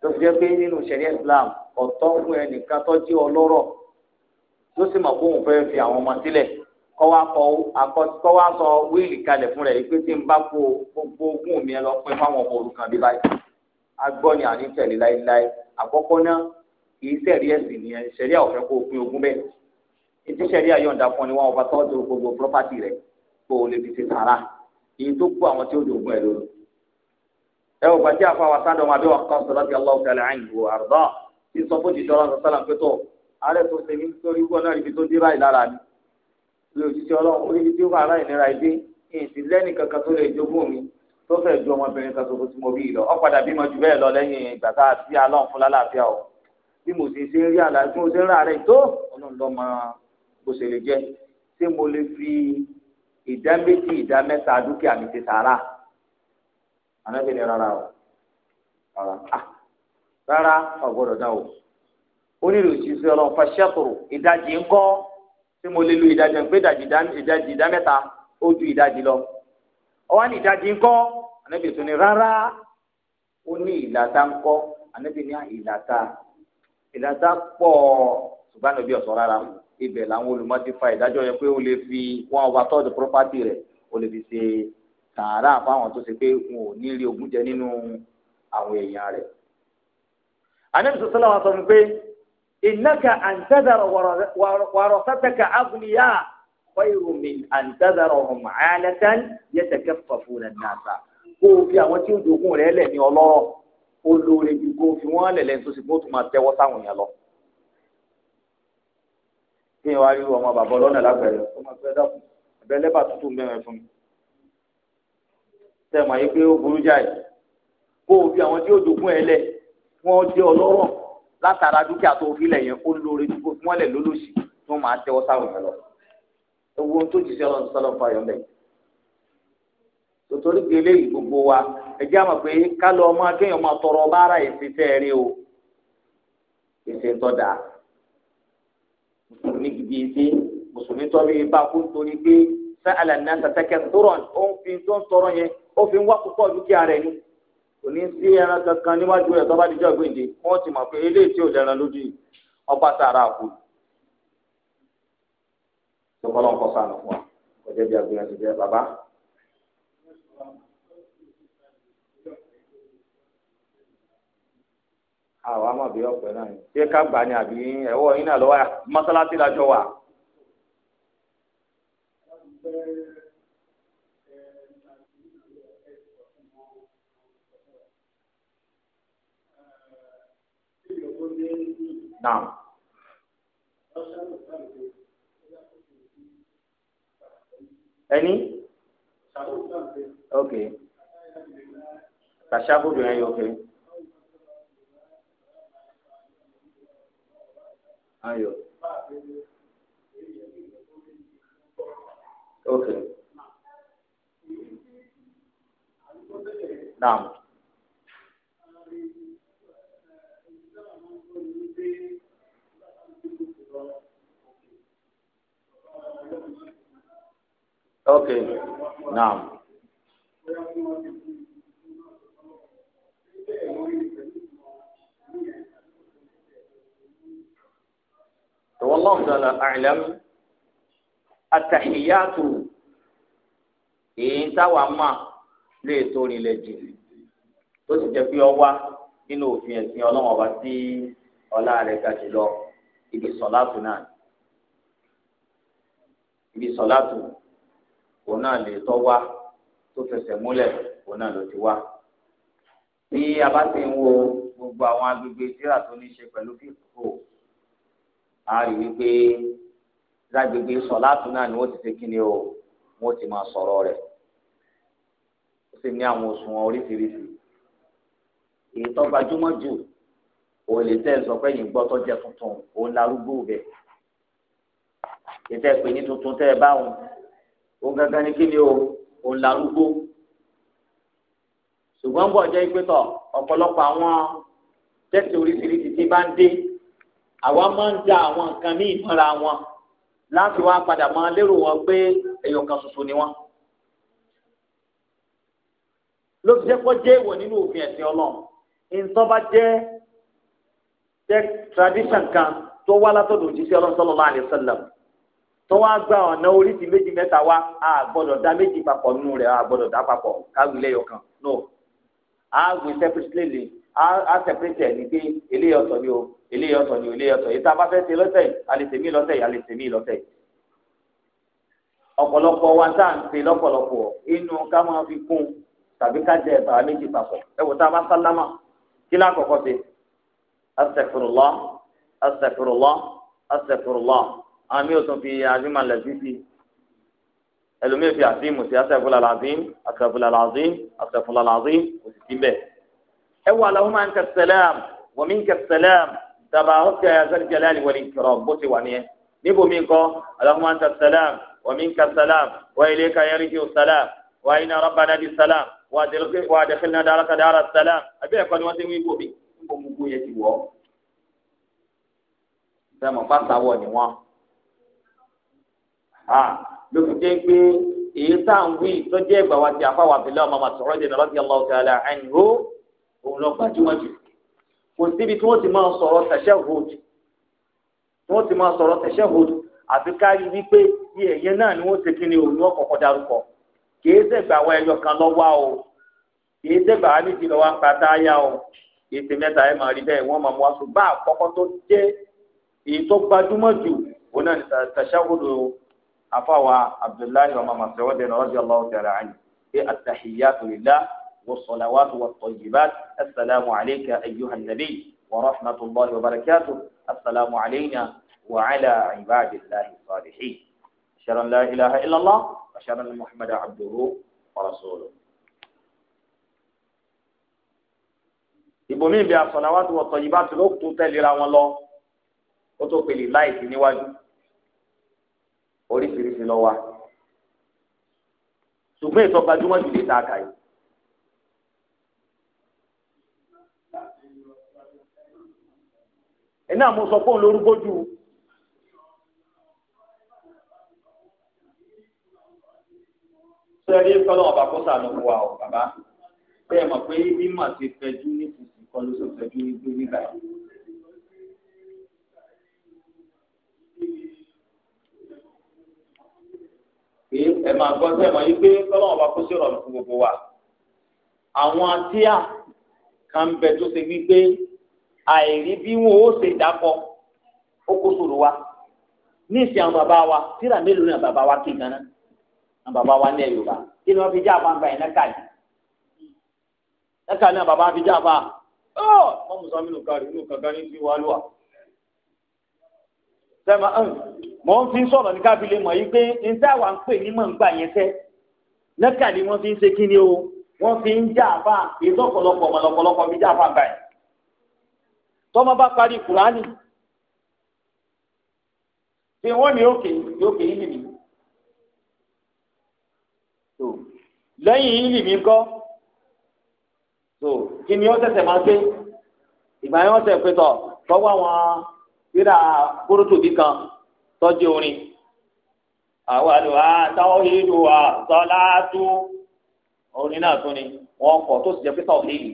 tó fi jẹ́ pé nínú ṣẹ̀ríà Islam ọ̀tọ́ fún ẹnìkan tó jẹ́ ọlọ́rọ̀ tó sì mọ̀ fóun fẹ́ fi àwọn ọmọ sílẹ̀ kọ́ wá kọ́ akọ́ kọ́ wá sọ wíìlì kalẹ̀ fún rẹ̀ pé tí n bá kó gbogbo ogún mi lọ pé fáwọn ọmọ òrukàn bí báyìí agbọ́ ni àní tẹ̀lé láéláé àkọ́kọ́ náà kì í sẹ̀rí ẹ̀sìn nìyẹn ṣẹ̀ríà ọ̀fẹ́ kó pín ogún bẹ́ẹ̀ ètí sẹ̀ríà yọ̀ǹda fún ni wọn ọba tọ́jú gbogbo pírọ́pátì rẹ̀ kó o lè fi ṣe tààrà èyí tó kó àwọn tí ó dògún ẹ̀ lóru ẹ ò gbàtí àfa wa sáà dọ̀wọ́n àbíwá kan sọ̀rọ̀ bí aláwọ̀ tẹ̀lé àyìn wò àrùdọ́ tí sọ fún jìjọ́ ọlọ́run sọ́lá pé tó ààrẹ tó ṣe ní torí wọ́n náà ibi tó dé báyìí lára mi lè òjijì ọlọ́run ó níbi tí ó bá ara ìnira ìdí ìsìn lẹ́nì kankan tó lè jogún mi tó fẹ́ ju ọmọbìnrin kan tuntun tí mo bí lọ ọ̀padà bímọ jù bẹ́ẹ̀ lọ lẹ́yìn ìgbà tá a ti alọ́run fún lálàáfíà o bí mo sì ṣe ń rí àlá tí mo ṣe ń rà rẹ̀ tó ọlọ́run lọ́ mọ bó ṣe lè jẹ́ ṣé mo lè fi ìdá méjì ìdá mẹ́ta dúkìá mi ti sàárà ànábì ní rárá rara, rárá ah rárá ọ̀gbọ́dọ̀ dá o onírò ìṣiṣẹ́ ọlọ́run fàṣẹ́kùrù ìdajì ńkọ́ tí mo lè lu ìdajì ẹ̀ pé ìdajì ìdá mẹ́ta ó ju ìdajì lọ ọwọ́ ní ìdajì ńkọ́ ànábì tó ní rárá ó ní ìlàta ńkọ́ ànábì ní ìlàta ah, ìlàta pọ̀ ṣùgbọ́n ànábì ọ̀sọ́ rárá ibẹ̀ làwọn olùmọ̀ ti fa ìdájọ́ yẹn pé ó lè fi one over third property rẹ̀ ó lè fi ṣe sàárà fáwọn tó ṣe pé wọn ò ní rí ogún jẹ nínú àwọn èèyàn rẹ̀. anabi sọ sọlá sọ fún pé ìnáka àǹtẹ́dàrọ̀ wàrọ̀ sátẹ́ka agùnìyà fẹ́rù mi àǹtẹ́dàrọ̀ ọ̀hún àyàlẹ́tàn yẹtẹ̀kẹ́ fàfún rẹ̀ nàṣà kó o fi àwọn tí ó dogun rẹ̀ lẹ̀ ní ọlọ́rọ̀ olóore ju kó o fi wọ́n lẹ̀ lẹ́yìn tó ṣe kó máa tẹ́wọ́ sáwọn yẹn lọ kí ni wàá rí ọmọ bàbá ọlọ́nà lágbẹ̀rẹ̀ ọmọ ẹgbẹ́ dàkú ẹgbẹ́ lẹ́bàá tuntun bẹ́ẹ̀ fún mi sẹ́mọ̀ yìí pé ó burú jáì kó o fi àwọn tí ó jogún ẹ lẹ̀ wọ́n jẹ́ ọlọ́rọ̀ látara dúkìá tó fi lẹ̀ yẹn ó lóore tí kò wọ́n lẹ̀ lólóṣì tó máa tẹ́wọ́ sáwọn yẹn lọ. ewu ohun tó jìṣẹ́ ọlọ́run sọ́lọ́ fún ayọ̀ bẹ́ẹ̀. tòtòrí gbélé yìí gbogbo wa ẹjẹ́ àmọ̀ pé ká lọ ọmọ akéèyàn máa tọrọ báárà èsì tẹ́ ẹ rí o èsì tọ́ da mùsùlùmí gidi èsì mùsùlùmí tọ́ bí bá kú nítorí pé sẹ́ àlànà tàtẹ́kẹ́ tó rọ̀ ó ń fi tó ń tọrọ yẹn ó fi ń wá púpọ̀ dúkìá rẹ̀ ni kò ní sí ẹran kankan níwájú rẹ̀ tó bá dijọ́ gbèǹde wọ́n ti mọ̀ pé eléyìí tí ò lẹ́ran lójú ọba sàrà àpò tọkọlọ́n kọ́ sànù fún wa ọjọ́ bí agbóyan ti jẹ́ bàbá. àwọn amọ̀bí ọ̀pẹ náà ṣé ká gbà ní àbí ẹ̀wọ̀ yín náà lọ́wọ́ mọ́sálásí lájọ wà. Naam. Ẹni? Ok. Kàṣàbùdù yẹn yóò fẹ́. Ayọ̀. Ok. Naam. ok naam. والله تعالى أعلم التحيات èyí táwa máa lè torí lè jì tó sì jẹ́ pé ọwá nínú òfin ẹ̀sìn ọlọ́wọ́n ọba tí ọlá rẹ̀ ga jùlọ ibi sọ̀láàtù náà ibi sọ̀láàtù òun náà lè tọ́ wá tó fẹsẹ̀ múlẹ̀ òun náà ló ti wá. bí a bá ti ń wo gbogbo àwọn agbègbè tíra tó ní ṣe pẹ̀lú fífò a rí wípé lágbègbè sọ̀láàtù náà ni wọ́n ti ṣe kíni o wọ́n ti máa sọ̀rọ̀ rẹ̀ ó sì ní àwọn òṣùwọ̀n oríṣiríṣi èyí tó gbajúmọ̀ jù òòlè tẹ́ ẹ sọ pé yìí gbọ́ tó jẹ tuntun òun larúgbó bẹ̀ ètẹ́ pé ní tuntun tẹ́ ẹ bá òun gangan ní kíni o òun larúgbó ṣùgbọ́n bọ̀ jẹ́ pé tọ̀ ọ̀pọ̀lọpọ̀ àwọn tẹ́sí oríṣiríṣi tí bá ń dé àwa máa ń da àwọn nǹkan ní ìmọ̀ra wọn láti wá padà máa lérò wọn pé ẹ̀yọ̀ kan ṣoṣo ni wọ́n ló fi jẹ́ kó jẹ́ ìwọ̀ nínú òfin ẹ̀sìn ọlọ́run ìǹtọ́ bá jẹ́ jẹ́ tradition kan tó wá látọ̀dọ̀ òjíṣẹ́ ọlọ́run sallallahu alaihi wasallam tó wá gba ọ̀nà oríṣi méjì mẹ́ta wá a gbọ́dọ̀ dá méjì papọ̀ nínú rẹ̀ a gbọ́dọ̀ dá papọ̀ káwé lẹ́yọ kan no a gbé separately a separate ẹ̀ ní pé eléyìí ọ̀tọ̀ ni o eléyìí ọ̀tọ̀ ni o eléyìí ọ̀tọ̀ yìí tá a bá fẹ́ ṣe lọ́sẹ̀ yìí a lè ṣe mí lọ́sẹ̀ yìí a lè ṣe mí lọ́sẹ̀ yìí ọ̀pọ̀lọpọ̀ wa tá à ń pe lọ́pọ̀lọpọ̀ inú ká máa fi kún tàbí ká jẹ ẹ̀bà méjì papọ̀ ẹ wò tá a bá sálámà kí lákọ̀ọ́kọ́ ṣe أستغفر الله أستغفر الله أستغفر الله أمي ò في عظيم àdìmọ̀ lẹ́sí sí في عظيم وسي sí أستغفر العظيم أستغفر العظيم أستغفر العظيم وسي sì sí bẹ́ẹ̀. ẹ wà lọ́wọ́ máa ń kẹ́ sẹ́lẹ̀m wọ́n mi ń kẹ́ sẹ́lẹ̀m tabarakta ya zal jalali اللهم أنت السلام ومنك السلام وإليك يرجع السلام وإن ربنا بالسلام وأدخلنا دارك دار السلام أبي أكون وأنت ويبوبي omugu yẹn ti wọ̀ sẹ́mu pàtàwọ̀ ni wọ́n ló fi jẹ́ pé èyí tá à ń wí tó jẹ́ ìgbà wa ti àfáwà abilá ọmọ màsọ̀rọ̀ jẹ́ nàlọ́dí aláwọ̀ tààlà àìníhó òun lọ gbajúmọ̀ jù kò síbi tí wọ́n ti máa sọ̀rọ̀ tashahhud tí wọ́n ti máa sọ̀rọ̀ tashahhud àfi ká rí wípé bí ẹ̀yẹ náà ni wọ́n ṣe kí ni òun ní ọkọ̀ọ̀kọ̀ darúkọ kì í ṣègbà wa ẹyọ kan lọ́wọ́ o kì í ṣègbà wa méjì lọ́wọ́ pátá yá o ìsìn mẹ́ta ẹ̀ máa rí bẹ́ẹ̀ wọ́n máa mú aṣọ bá àkọ́kọ́ tó jẹ́ èyí tó gbajúmọ̀ jù òun náà ní tàṣàwòrò afáwa abdullahi wa mama sèwọ́dẹ̀ náà radiyallahu ta'ala anhu pé at-tahiyyatu lillah was-salawatu wat-tayyibat assalamu alayka ayyuhan nabiy wa rahmatullahi wa barakatuh assalamu alayna wa ala ibadillahi salihin ashhadu la ilaha illallah wa ashhadu anna abduhu wa rasuluhu. ìbòmíì bí as-salawatu wat-tayyibatu ló tó tẹ̀léra wọn lọ ó tó pèlè láìsí níwájú oríṣiríṣi lọ wa ṣùgbọ́n ètò gbajúmọ̀ jù lè ta àkàyè. iná mo sọ fóun lórúkọ jù sẹ́rí kọ́lọ́ ọ̀bà kó sànù wa ọ̀ bàbá bẹ́ẹ̀ mọ̀ pé mímọ̀ ti fẹjú nípìsì kọ́ ló sọ̀tọ̀ ju ibi nígbà yìí. pé ẹ máa gbọ́ sẹ́ mọ́ yí pé kọ́lọ́wọ́n bá kó sí ọ̀rọ̀ fún gbogbo wa. àwọn atíà kan bẹ tó ṣe wípé àìrí bí wọn ó ṣe dápọ̀ ó kó sòrò wa ní ìsìn àwọn bàbá wa tíra mélòó ni bàbá wa kì ganan àwọn bàbá wa ní ẹ̀yọ̀ bá kí ni wọ́n fi já àbá ń gba ẹ̀ náà kàlí náà kàlí bàbá fi já wọ́n mú sami nù kárí nù kankan ní ti wá lùwà. sẹ́mi mọ̀ ń fi sọ̀rọ̀ ní kábílẹ̀ mọ̀ yìí pé ní táwa ń pè ní mọ̀ǹgbà yẹn fẹ́ lẹ́kàlí wọ́n fi ń ṣe kíni o wọ́n fi ń já àfa èso ọ̀pọ̀lọpọ̀ ọ̀pọ̀lọpọ̀ fi já àfa gbà yẹn. tọ́mọ bá parí kùránì tí wọ́n ní òkè òkè ìlìmí. lẹ́yìn ìlìmí kọ́ so kí ni ó tẹ̀sẹ̀ máa gbé ìgbà yẹn wọ́n tẹ̀ pé tọ̀ tọ́wọ́ àwọn rírà kúrútùbí kan tọ́jú orin àwọn àlùwà táwọn ìlú wa sọlá tú orin náà tún ni wọ́n kọ̀ tó sì jẹ́ pé tọ̀ léyìí.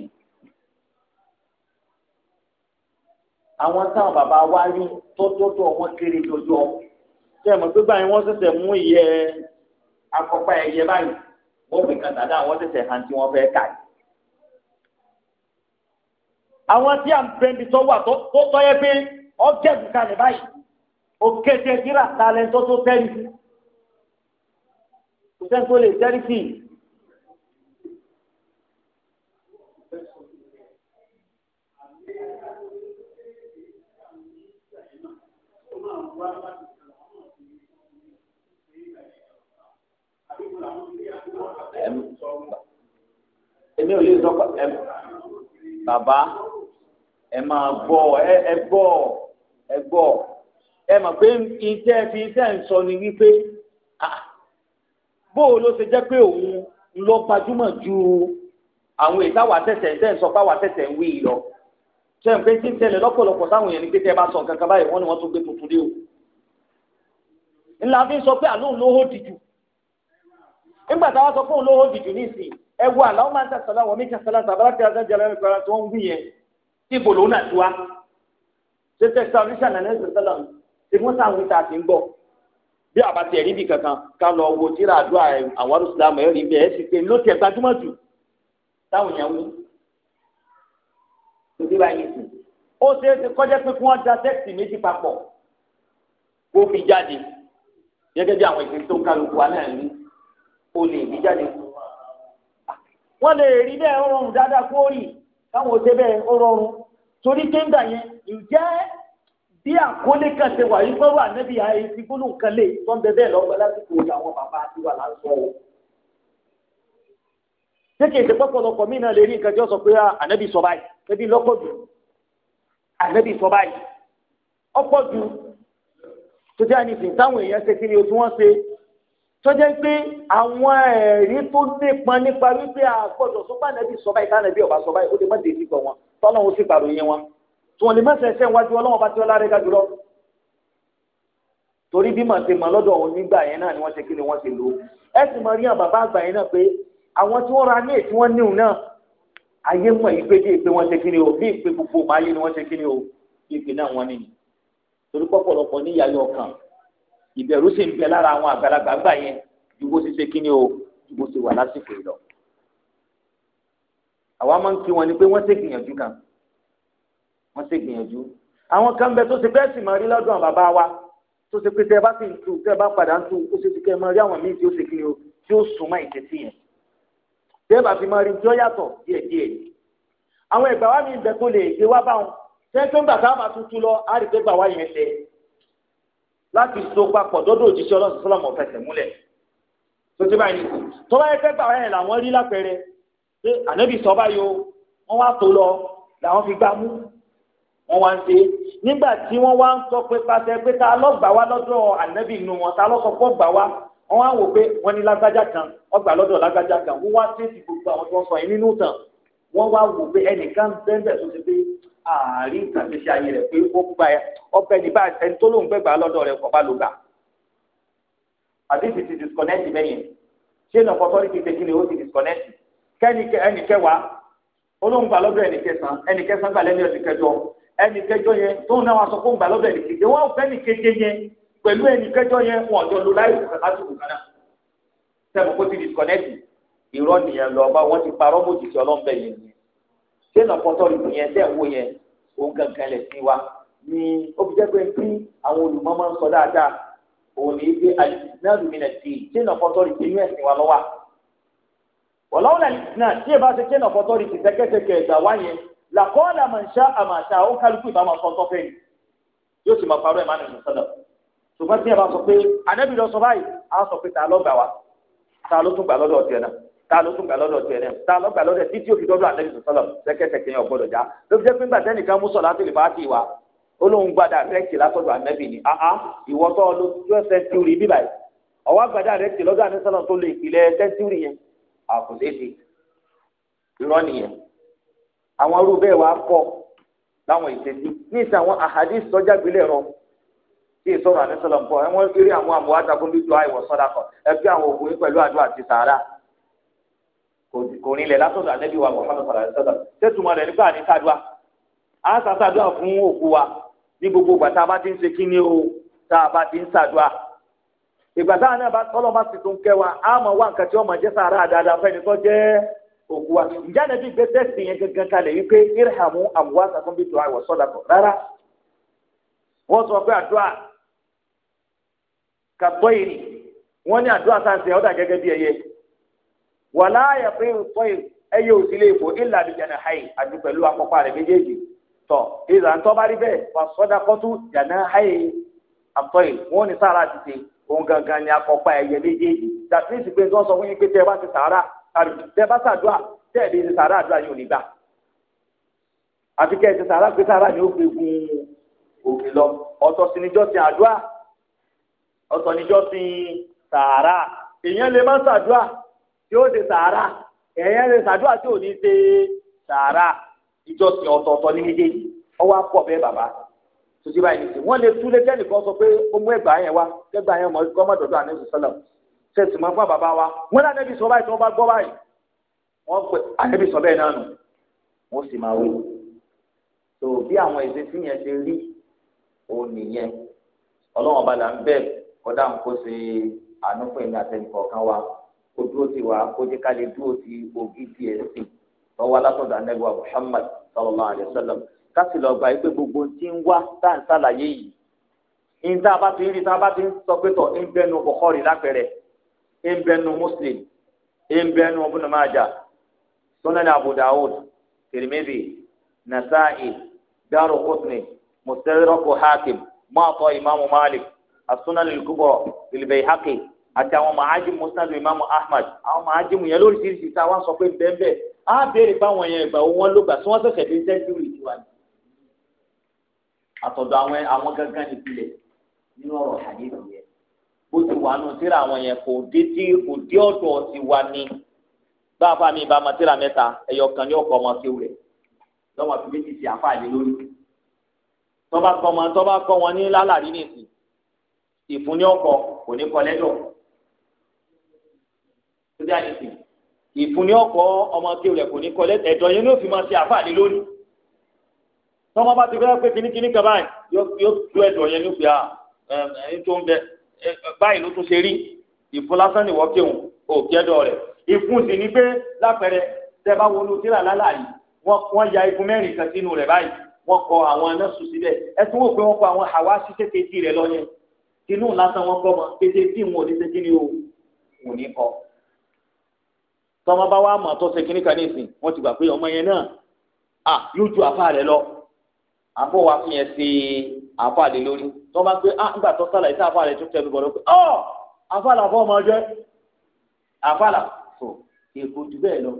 àwọn táwọn bàbá wa rí tọ́tọ́tọ́ wọn kéré jọjọ tẹ ẹ mọ̀ pé báyìí wọ́n ṣẹ̀ṣẹ̀ mú ìyẹ́ akọ́pá ẹ̀yẹ báyìí wọ́n fi kan dàda wọ́n ṣẹ̀ṣẹ̀ hàn tí wọ́n fẹ́ kà yìí àwọn tí à ń bẹ́ẹ̀bi tó wà tó tọ́yẹ pé ọ́jẹ̀bù kalẹ̀ báyìí òkété kíra talẹ̀ tó tó tẹ́rì sí kò sẹ́ni tó lè tẹ́rì sí. èmi ò lè sọ bàbá. ẹ máa gbọ ẹ gbọ ẹ gbọ ẹ mọ̀ pé iṣẹ́ fi iṣẹ́ ń sọ ni wípé bóò ló ṣe jẹ́ pé òun ń lọ gbajúmọ̀ ju àwọn ìtawà tẹ̀sẹ̀ ń sọ pé lọ ṣe pé tí ń sọ nǹkan kan báyìí tún o ńlá fi ń sọ pé sọ fóun ló hó dìjú nísìnyí ẹ wo àlọ́ máa ń tẹ̀sán láwọn tẹ̀sán yẹn tí ìbò lòun náà ti wá ṣé tẹ́sítà oníṣẹ́ àná ẹ̀sìn sọ́lá ṣe wọ́n sáà ń wíta àti ń bọ̀ bí àbàtì ẹ̀rí bì kankan ká lọ wo tíra àdúrà àwọn arúgbó ẹ̀rí bẹ̀ ẹ̀ sì pé ló tiẹ̀ gbajúmọ̀ jù táwọn èèyàn wú. ìdí bá yẹn sùn ó ṣeé ṣe kọjá pé kí wọ́n da tẹ́kìtì méjì papọ̀ kó fi jáde gẹ́gẹ́ bí àwọn ìpín tó ń kálukú wa náà ní o lè fi jáde. wọ́n lè rí bẹ́ẹ̀ rọrùn dáadáa kó rí káwọn òde bẹ́ẹ̀ ó rọrùn torí kéńgà yẹn ǹjẹ́ bí àkólé kan ṣe wà yìí fọwọ́ ànábì ààyè ti gbólóhùn kan lè tó ń bẹ́ẹ̀ lọ́gbọ́ lásìkò àwọn bàbá àti wà láǹsọ̀ o. ṣé kìí ṣe pọ́pọ́lọpọ̀ mí náà lè rí nǹkan jọ sọ pé ah, ànábì sọ báyìí ẹbí lọ́pọ̀ jù ànábì sọ báyìí ọ̀pọ̀ jù tó jẹ́ àníṣe táwọn èèyàn ṣe kí ni o tí wọ́n ṣe tọ́jà pé àwọn ẹ̀rí tó nípọn nípa wípé àgbọ̀dọ̀ sọ́bà nàbí sọ́bà ìta nàbí ọ̀bà sọ́bà ó lè má dé sígbọ̀ wọn tọ́lọ́hún sì pàròyìn wọn tí wọn lè má ṣẹ̀ṣẹ̀ wájú ọlọ́wọ́n bá ti ọlá rẹ̀ gàdúrọ̀ torí bí màá ṣe mọ̀ lọ́dọ̀ òun nígbà yẹn náà ni wọ́n ṣe kí ni wọ́n ṣe lò ẹ sì mọ ríyàn bàbá àgbà yẹn náà pé àwọn tí wọ́n ra ní ètí wọ́n níhùn náà ayé mọ̀ yìí pé bí ìpè wọ́n ṣe kí ni o bí ìpè gbogbo ayé ni wọ́n ṣe kí ni o bí ìpè náà wọ́n ní torí pọ̀pọ̀lọpọ̀ ní ìyáyọ̀ ìbẹ̀rù sì ń bẹ lára àwọn àgbàlagbà gbà yẹn ju bó ti ṣe kíni o ju bó ti wà lásìkò yìí lọ. àwa máa ń kí wọn ni pé wọ́n ṣe gbìyànjú kan wọ́n ṣe gbìyànjú àwọn kan bẹ tó ṣe bẹ́ẹ̀ sì máa rí lọ́dún bàbá wa tó ṣe pé tẹ bá sì ń tu tẹ bá padà ń tu ó ṣe ti kẹ máa rí àwọn míì tí ó ṣe kíni o tí ó sùn mọ́ ìtẹ́sí yẹn tẹ bá fi máa rí tí ó yàtọ̀ díẹ̀díẹ̀ àwọn ìgbà wa mi bẹ tó lè gbé wá báwọn tẹ́ńtọ́ gbà láti so papọ̀ dọ́dọ̀ òjíṣẹ́ ọlọ́sùn sọ́lọ́mù ọ̀fẹsẹ̀ múlẹ̀ tó ti báyìí tó bá yẹ kẹ́gbà ẹ̀ làwọn rí lápẹẹrẹ pé ànábì sọ báyìí o wọ́n wá tó lọ làwọn fi gbá mú wọ́n wá ń ṣe nígbà tí wọ́n wá ń sọ pé pàṣẹ pé ta lọ́gbà wá lọ́dọ̀ ànábì inú wọn ta lọ́sọ pọ̀ gbà wá wọ́n wá wò pé wọ́n ní lágbájá kan ọgbà lọ́dọ̀ lágbájá kan wọ́n wá tẹ̀sí gbogbo àwọn tó ń sọ yìí nínú tàn wọ́n wá wò pé ẹnìkan bẹ́ẹ̀ bẹ́ẹ̀ tó ti pé àárín ìtàgbésí ayé rẹ̀ pé ó gba ẹ ọbẹ̀ ní báyìí ẹni tó lóun gbẹ̀gbà lọ́dọ̀ rẹ̀ kọ̀ bá ló gbà. àdéhùn ti disconnect bẹ́yẹn ṣé nà fọ́tọ́rì ti tẹ́kí ni ó ti disconnect kẹ́ni ẹnì kẹwàá olóhùn gbà lọ́dọ̀ ẹnì kẹsàn ẹnì kẹsàn gbà lẹ́nu ẹ̀sìn kẹjọ ẹnì kẹjọ yẹn tóun náà wọn sọ fóun gbà lọ́dọ̀ ẹnì keje wọn ò fẹ́ ní keje yẹn pẹ̀lú ẹnì kẹjọ yẹn wọn jọ lò láì wù kàkà tó wù kàná sẹ́mu sẹ́nà pọ̀tọ́ ìlú yẹn tẹ̀ wó yẹn òun gangan lẹ̀ sí wa ni ó fi jẹ́ pé bí àwọn olùmọ̀ máa ń sọ dáadáa òun ní pé àlìsínà lùmínà sí i sẹ́nà pọ̀tọ́ ìlú inú ẹ̀sìn wa lọ́wọ́ wọ́lọ́wọ́ náà náà tí ẹ bá ṣe sẹ́nà pọ̀tọ́ ìlú sẹ́kẹ́sẹ́kẹ́ ẹ̀gbà wá yẹn làkọ́ọ̀lá màṣá àmàṣá ó kálukú ìbámu ọ̀sán fẹ́ yóò sì máa parọ́ ẹ̀ máa sọ́dọ̀ ta ló tún gbà lọ́dọ̀ tiẹ̀ náà ta ló gbà lọ́dọ̀ títí òfin dọ́dọ̀ àlẹ́ ìsìn sọ́lọ̀ lẹ́kẹ̀kẹ̀kẹ̀ yẹn ọ̀gbọ́dọ̀ já ló fi jẹ́ pé ńgbà tẹ́nìkan mú sọ̀lá tìlì fàátì wa olóhùn gbadà rẹ́ẹ̀kì látọ̀dọ̀ ànẹ́bì ni Aha, ìwọ tó ló yọ sẹ́ńtúrì bíbà yìí ọ̀wá gbadà rẹ́ẹ̀kì lọ́dọ̀ àlẹ́ sọ́lọ̀ tó lo ìpìlẹ̀ sẹ́ńtúrì yẹn àkùdédé irọ́ nìyẹn àwọn irú bẹ́ẹ̀ wá pọ̀ láwọn ìṣesí ní ìsìn àwọn àhàdí sọ́jà gbilẹ̀ rọ tí ìsọ̀rọ̀ àlẹ́ sọ́lọ̀ ń bọ̀ ẹ̀wọ̀n eré àwọn àmúwátakùn bíi dùn àìwọ̀ sọ́dà kò rinlẹ̀ látọ̀dọ̀ ànábì wa Muhammad sallallahu alaihi wasallam tẹ́tùmọ̀ rẹ̀ nígbà ní sàdúà á sàdúà fún òkú wa ní gbogbo ìgbà tá a bá ti ń ṣe kíní o tá a bá ti ń sàdúà ìgbà tá a náà bá tọ́lọ́ bá ti tún kẹ́ wa á mọ̀ wá nǹkan tí ọmọ jẹ́ sàrà dáadáa fẹ́ni tó jẹ́ òkú wa ǹjẹ́ ànábì gbé tẹ́sì yẹn gangan kalẹ̀ wípé irhamu àmúwá sàkúnbí tó àwọ̀ sọ́dà kọ̀ rárá wọ́n sọ pé àdúrà kàtọ́ yìí wọ́n ní àdúrà sáǹsì ọ̀dà gẹ́gẹ́ bí ẹyẹ wàlá àyàfẹ́ nǹkan ẹyẹ òsìlẹ̀ èkó ìlà àbíjànà hayi àti pẹ̀lú akọ́pá rẹ̀ méjèèjì tọ̀ ìlà ń tọ́ba rí bẹ́ẹ̀ wà sọ́dà kọ́tù jànà hayi àtọ́yìn wọn ní sára ti ṣe òun gangan ni akọ́pá ẹyẹ méjèèjì dàtí ní ìsìnkú ẹ̀ńtọ́ sọ fún yín pé tẹ́ ẹ bá ti sàárà tẹ́ ẹ bá sàdúà tẹ́ ẹ bí ti sàárà àdúrà yóò ní àti kẹ́ ẹ ti sàárà pé sàárà ni ó gbé gun òkè lọ ọ̀tọ̀ sí níjọ́ sin àdúà ọ̀tọ̀ níjọ́ sin sàárà èèyàn lè má sàdúà yóò ṣe sàárà ẹ̀yẹ́ lè ṣàdúrà tí ò ní ṣe sàárà ìjọsìn ọ̀tọ̀ọ̀tọ̀ ní méjèèjì ọwọ́ akọ bẹ́ẹ̀ bàbá tòṣì báyìí nìṣẹ́ wọ́n lè túlé kẹ́nìkan sọ pé ó mú ẹgbàá yẹn wá kẹgbàá yẹn mọ̀ ọ́ mọ̀dọ̀dọ̀ àníṣe sọ́lọ̀ ṣèṣì máa ń fún bàbá wa wọ́n lé ànẹ́bí sọ báyìí tí wọ́n bá gbọ́ báyìí wọ́n pe ànẹ́bí sọ bẹ́ẹ̀ náà nù wọ́n sì máa wí. tó bí àwọn èsì tí yẹn ṣe rí òun nìyẹn ọlọ́wọ́n balà ń bẹ́ẹ̀ kọ́dà ń kó ṣe àánú fún ìgbà tẹ̀kọ̀ọ̀kan wa kó dúró ti wá kó jẹ́ ká lè dúró ti ògidì ẹ̀sìn tọ́wọ́ látọ̀dọ̀ anẹ́gbà Muhammad sallallahu alayhi wa sallam ká sì lọ gba pé gbogbo tí ń wá tá à ń sàlàyé yìí ní tá a bá ti rí tá a bá ti sọ pé tọ̀ ń bẹnu Bukhari lápẹẹrẹ ń bẹnu Muslim ń bẹnu Ibn Majah Sunan Abu Nasa'i Daru Qutni Mustadrak Hakim Muwatta Imam Malik As-Sunan al àti àwọn màájìmù musnad imaamu ahmad àwọn màájìmù yẹn lóríṣiríṣi tá a wá sọ pé bẹ́ẹ̀bẹ́ẹ̀ á béèrè fáwọn yẹn ìgbà wọn ló gbà tí wọ́n sẹ̀sẹ̀ dé sẹ́ńtúrì tiwa ni. àtọ̀dọ̀ àwọn àwọn gángan nìpìlẹ̀ nínú ọ̀rọ̀ àdéhùn yẹn bó ti wà nù síra àwọn yẹn kò dé tí kò dé ọ̀dọ̀ ti wa ni bá a fa mi ìbámu síra mẹ́ta ẹ̀yọ kan ní ọkọ̀ ọmọ kéwù rẹ̀ lọ́mọ fi méjì sí àfáàlì lórí tọ́ba bí a ti sìn ìfúnni ọkọ ọmọ tí olè kò ní kọ lẹ́tọ̀ ẹ̀dọ̀ yẹn ló fi máa ṣe àfààní lónìí tọ́mọ bá ti fẹ́ pé kínníkínní kan báyìí yóò tú ẹ̀dọ̀ yẹn ló fi à ẹni tó ń bẹ báyìí ló tún ṣe rí ìfún lásán ni wọ́n kéwòn òkè ẹ̀dọ̀ rẹ̀ ìfún sì ni pé lápẹẹrẹ tẹ bá wọnú tíra lálàyé wọ́n ya ìfún mẹ́rin kan sínú rẹ̀ báyìí wọ́n kọ àwọn nọ́ọ̀sù síbẹ̀ ẹ tún wò pé wọ́n kọ àwọn hàwáṣí kékeré rẹ̀ lọ́yẹn tinú lásán wọn kọ́ mọ kété tí wọn ò ní ṣe kí ni o ò ní kọ́ tọ́mọ bá wà mọ̀ tó ṣe kínní kan nísìn wọ́n ti gbà pé ọmọ yẹn náà à yóò ju àfa rẹ lọ àbọ̀ wa fi yẹn ṣe àfa rẹ lórí tọ́ bá pé ah nígbà tó sálà iṣẹ́ àfa rẹ tó tẹ̀ bọ̀ lọ pé ọ́ àfa là fọ́ ọmọ jẹ́ àfa là sọ èkó ju bẹ́ẹ̀ lọ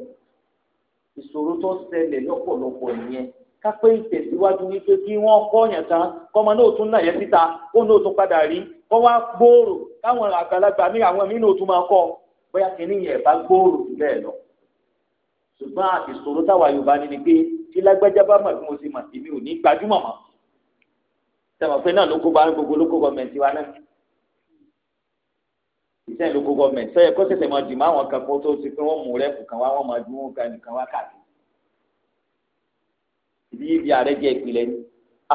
ìṣòro tó ṣẹlẹ̀ lọ́pọ̀lọpọ̀ ìyẹn kápẹ́ ìtẹ̀síwájú wípé kí wọ́n kọ́ọ̀yàn tán kọ́mọ náà tún náà yẹn síta kó náà tún padà rí kọ́ wá gbòòrò káwọn àgbàlagbà mí àwọn mí náà tún máa kọ́ ọ bóyá kìíní yẹn bá gbòòrò jù bẹ́ẹ̀ lọ ṣùgbọ́n àti sọ̀rọ̀ táwa Yorùbá ni ni pé tí lágbájá bá mọ̀ bí mo ṣe mọ̀ èmi ò ní gbajúmọ̀ mọ́ sẹ́wọ̀n pé náà ló kó bá gbogbo ló kó gọ́ọ̀mẹ̀ntì wa náà ìṣẹ́ ló kó gọ́ọ̀mẹ̀ntì sọ yẹ kó ṣẹ̀ṣẹ̀ máa dìmọ̀ àwọn kan kó tó ti pé wọ́n mú rẹ́pù kan wá wọ́n máa dún wọn kan nìkan wá káàkiri ìdí ah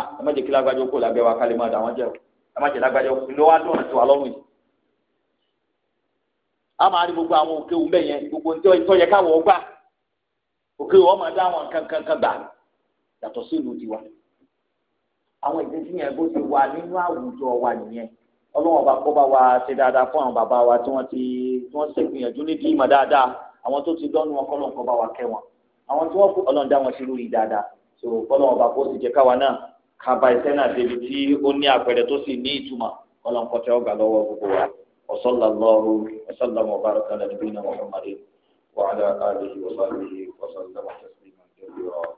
ẹ má jẹ́ kí lágbájá kó lábẹ́ wa kálí máa dà wọ́n jẹ́ o ẹ má jẹ́ a máa rí gbogbo àwọn òkè òun bẹ́ẹ̀ yẹn gbogbo ntọ́ yẹ káwọ̀ ọgbà òkè wọn máa dá àwọn kankankan gbà yàtọ̀ sí ìlú tiwa àwọn ìdíjí yẹn bó ti wà nínú àwùjọ wa nìyẹn ọlọ́wọ́n bá kọ́ bá wa ṣe dáadáa fún àwọn bàbá wa tí wọ́n ti tí wọ́n ṣègbìyànjú ní dìímọ̀ dáadáa àwọn tó ti dọ́nu wọn kọ́ bá wa kẹ́ wọn àwọn tí wọ́n kú ọlọ́run dá wọn sí lórí dáadáa so kọ́lọ́n ọba kó sì jẹ́ káwa náà ká ba iṣẹ́ náà débi tí ó ní àpẹẹrẹ tó sì ní ìtumọ̀ kọ́lọ́n kọ́ tẹ́ ọ̀gá lọ́wọ́ gbogbo wa. وصلى الله وسلم وبارك على نبينا محمد وعلى آله وصحبه وسلم تسليما كثيرا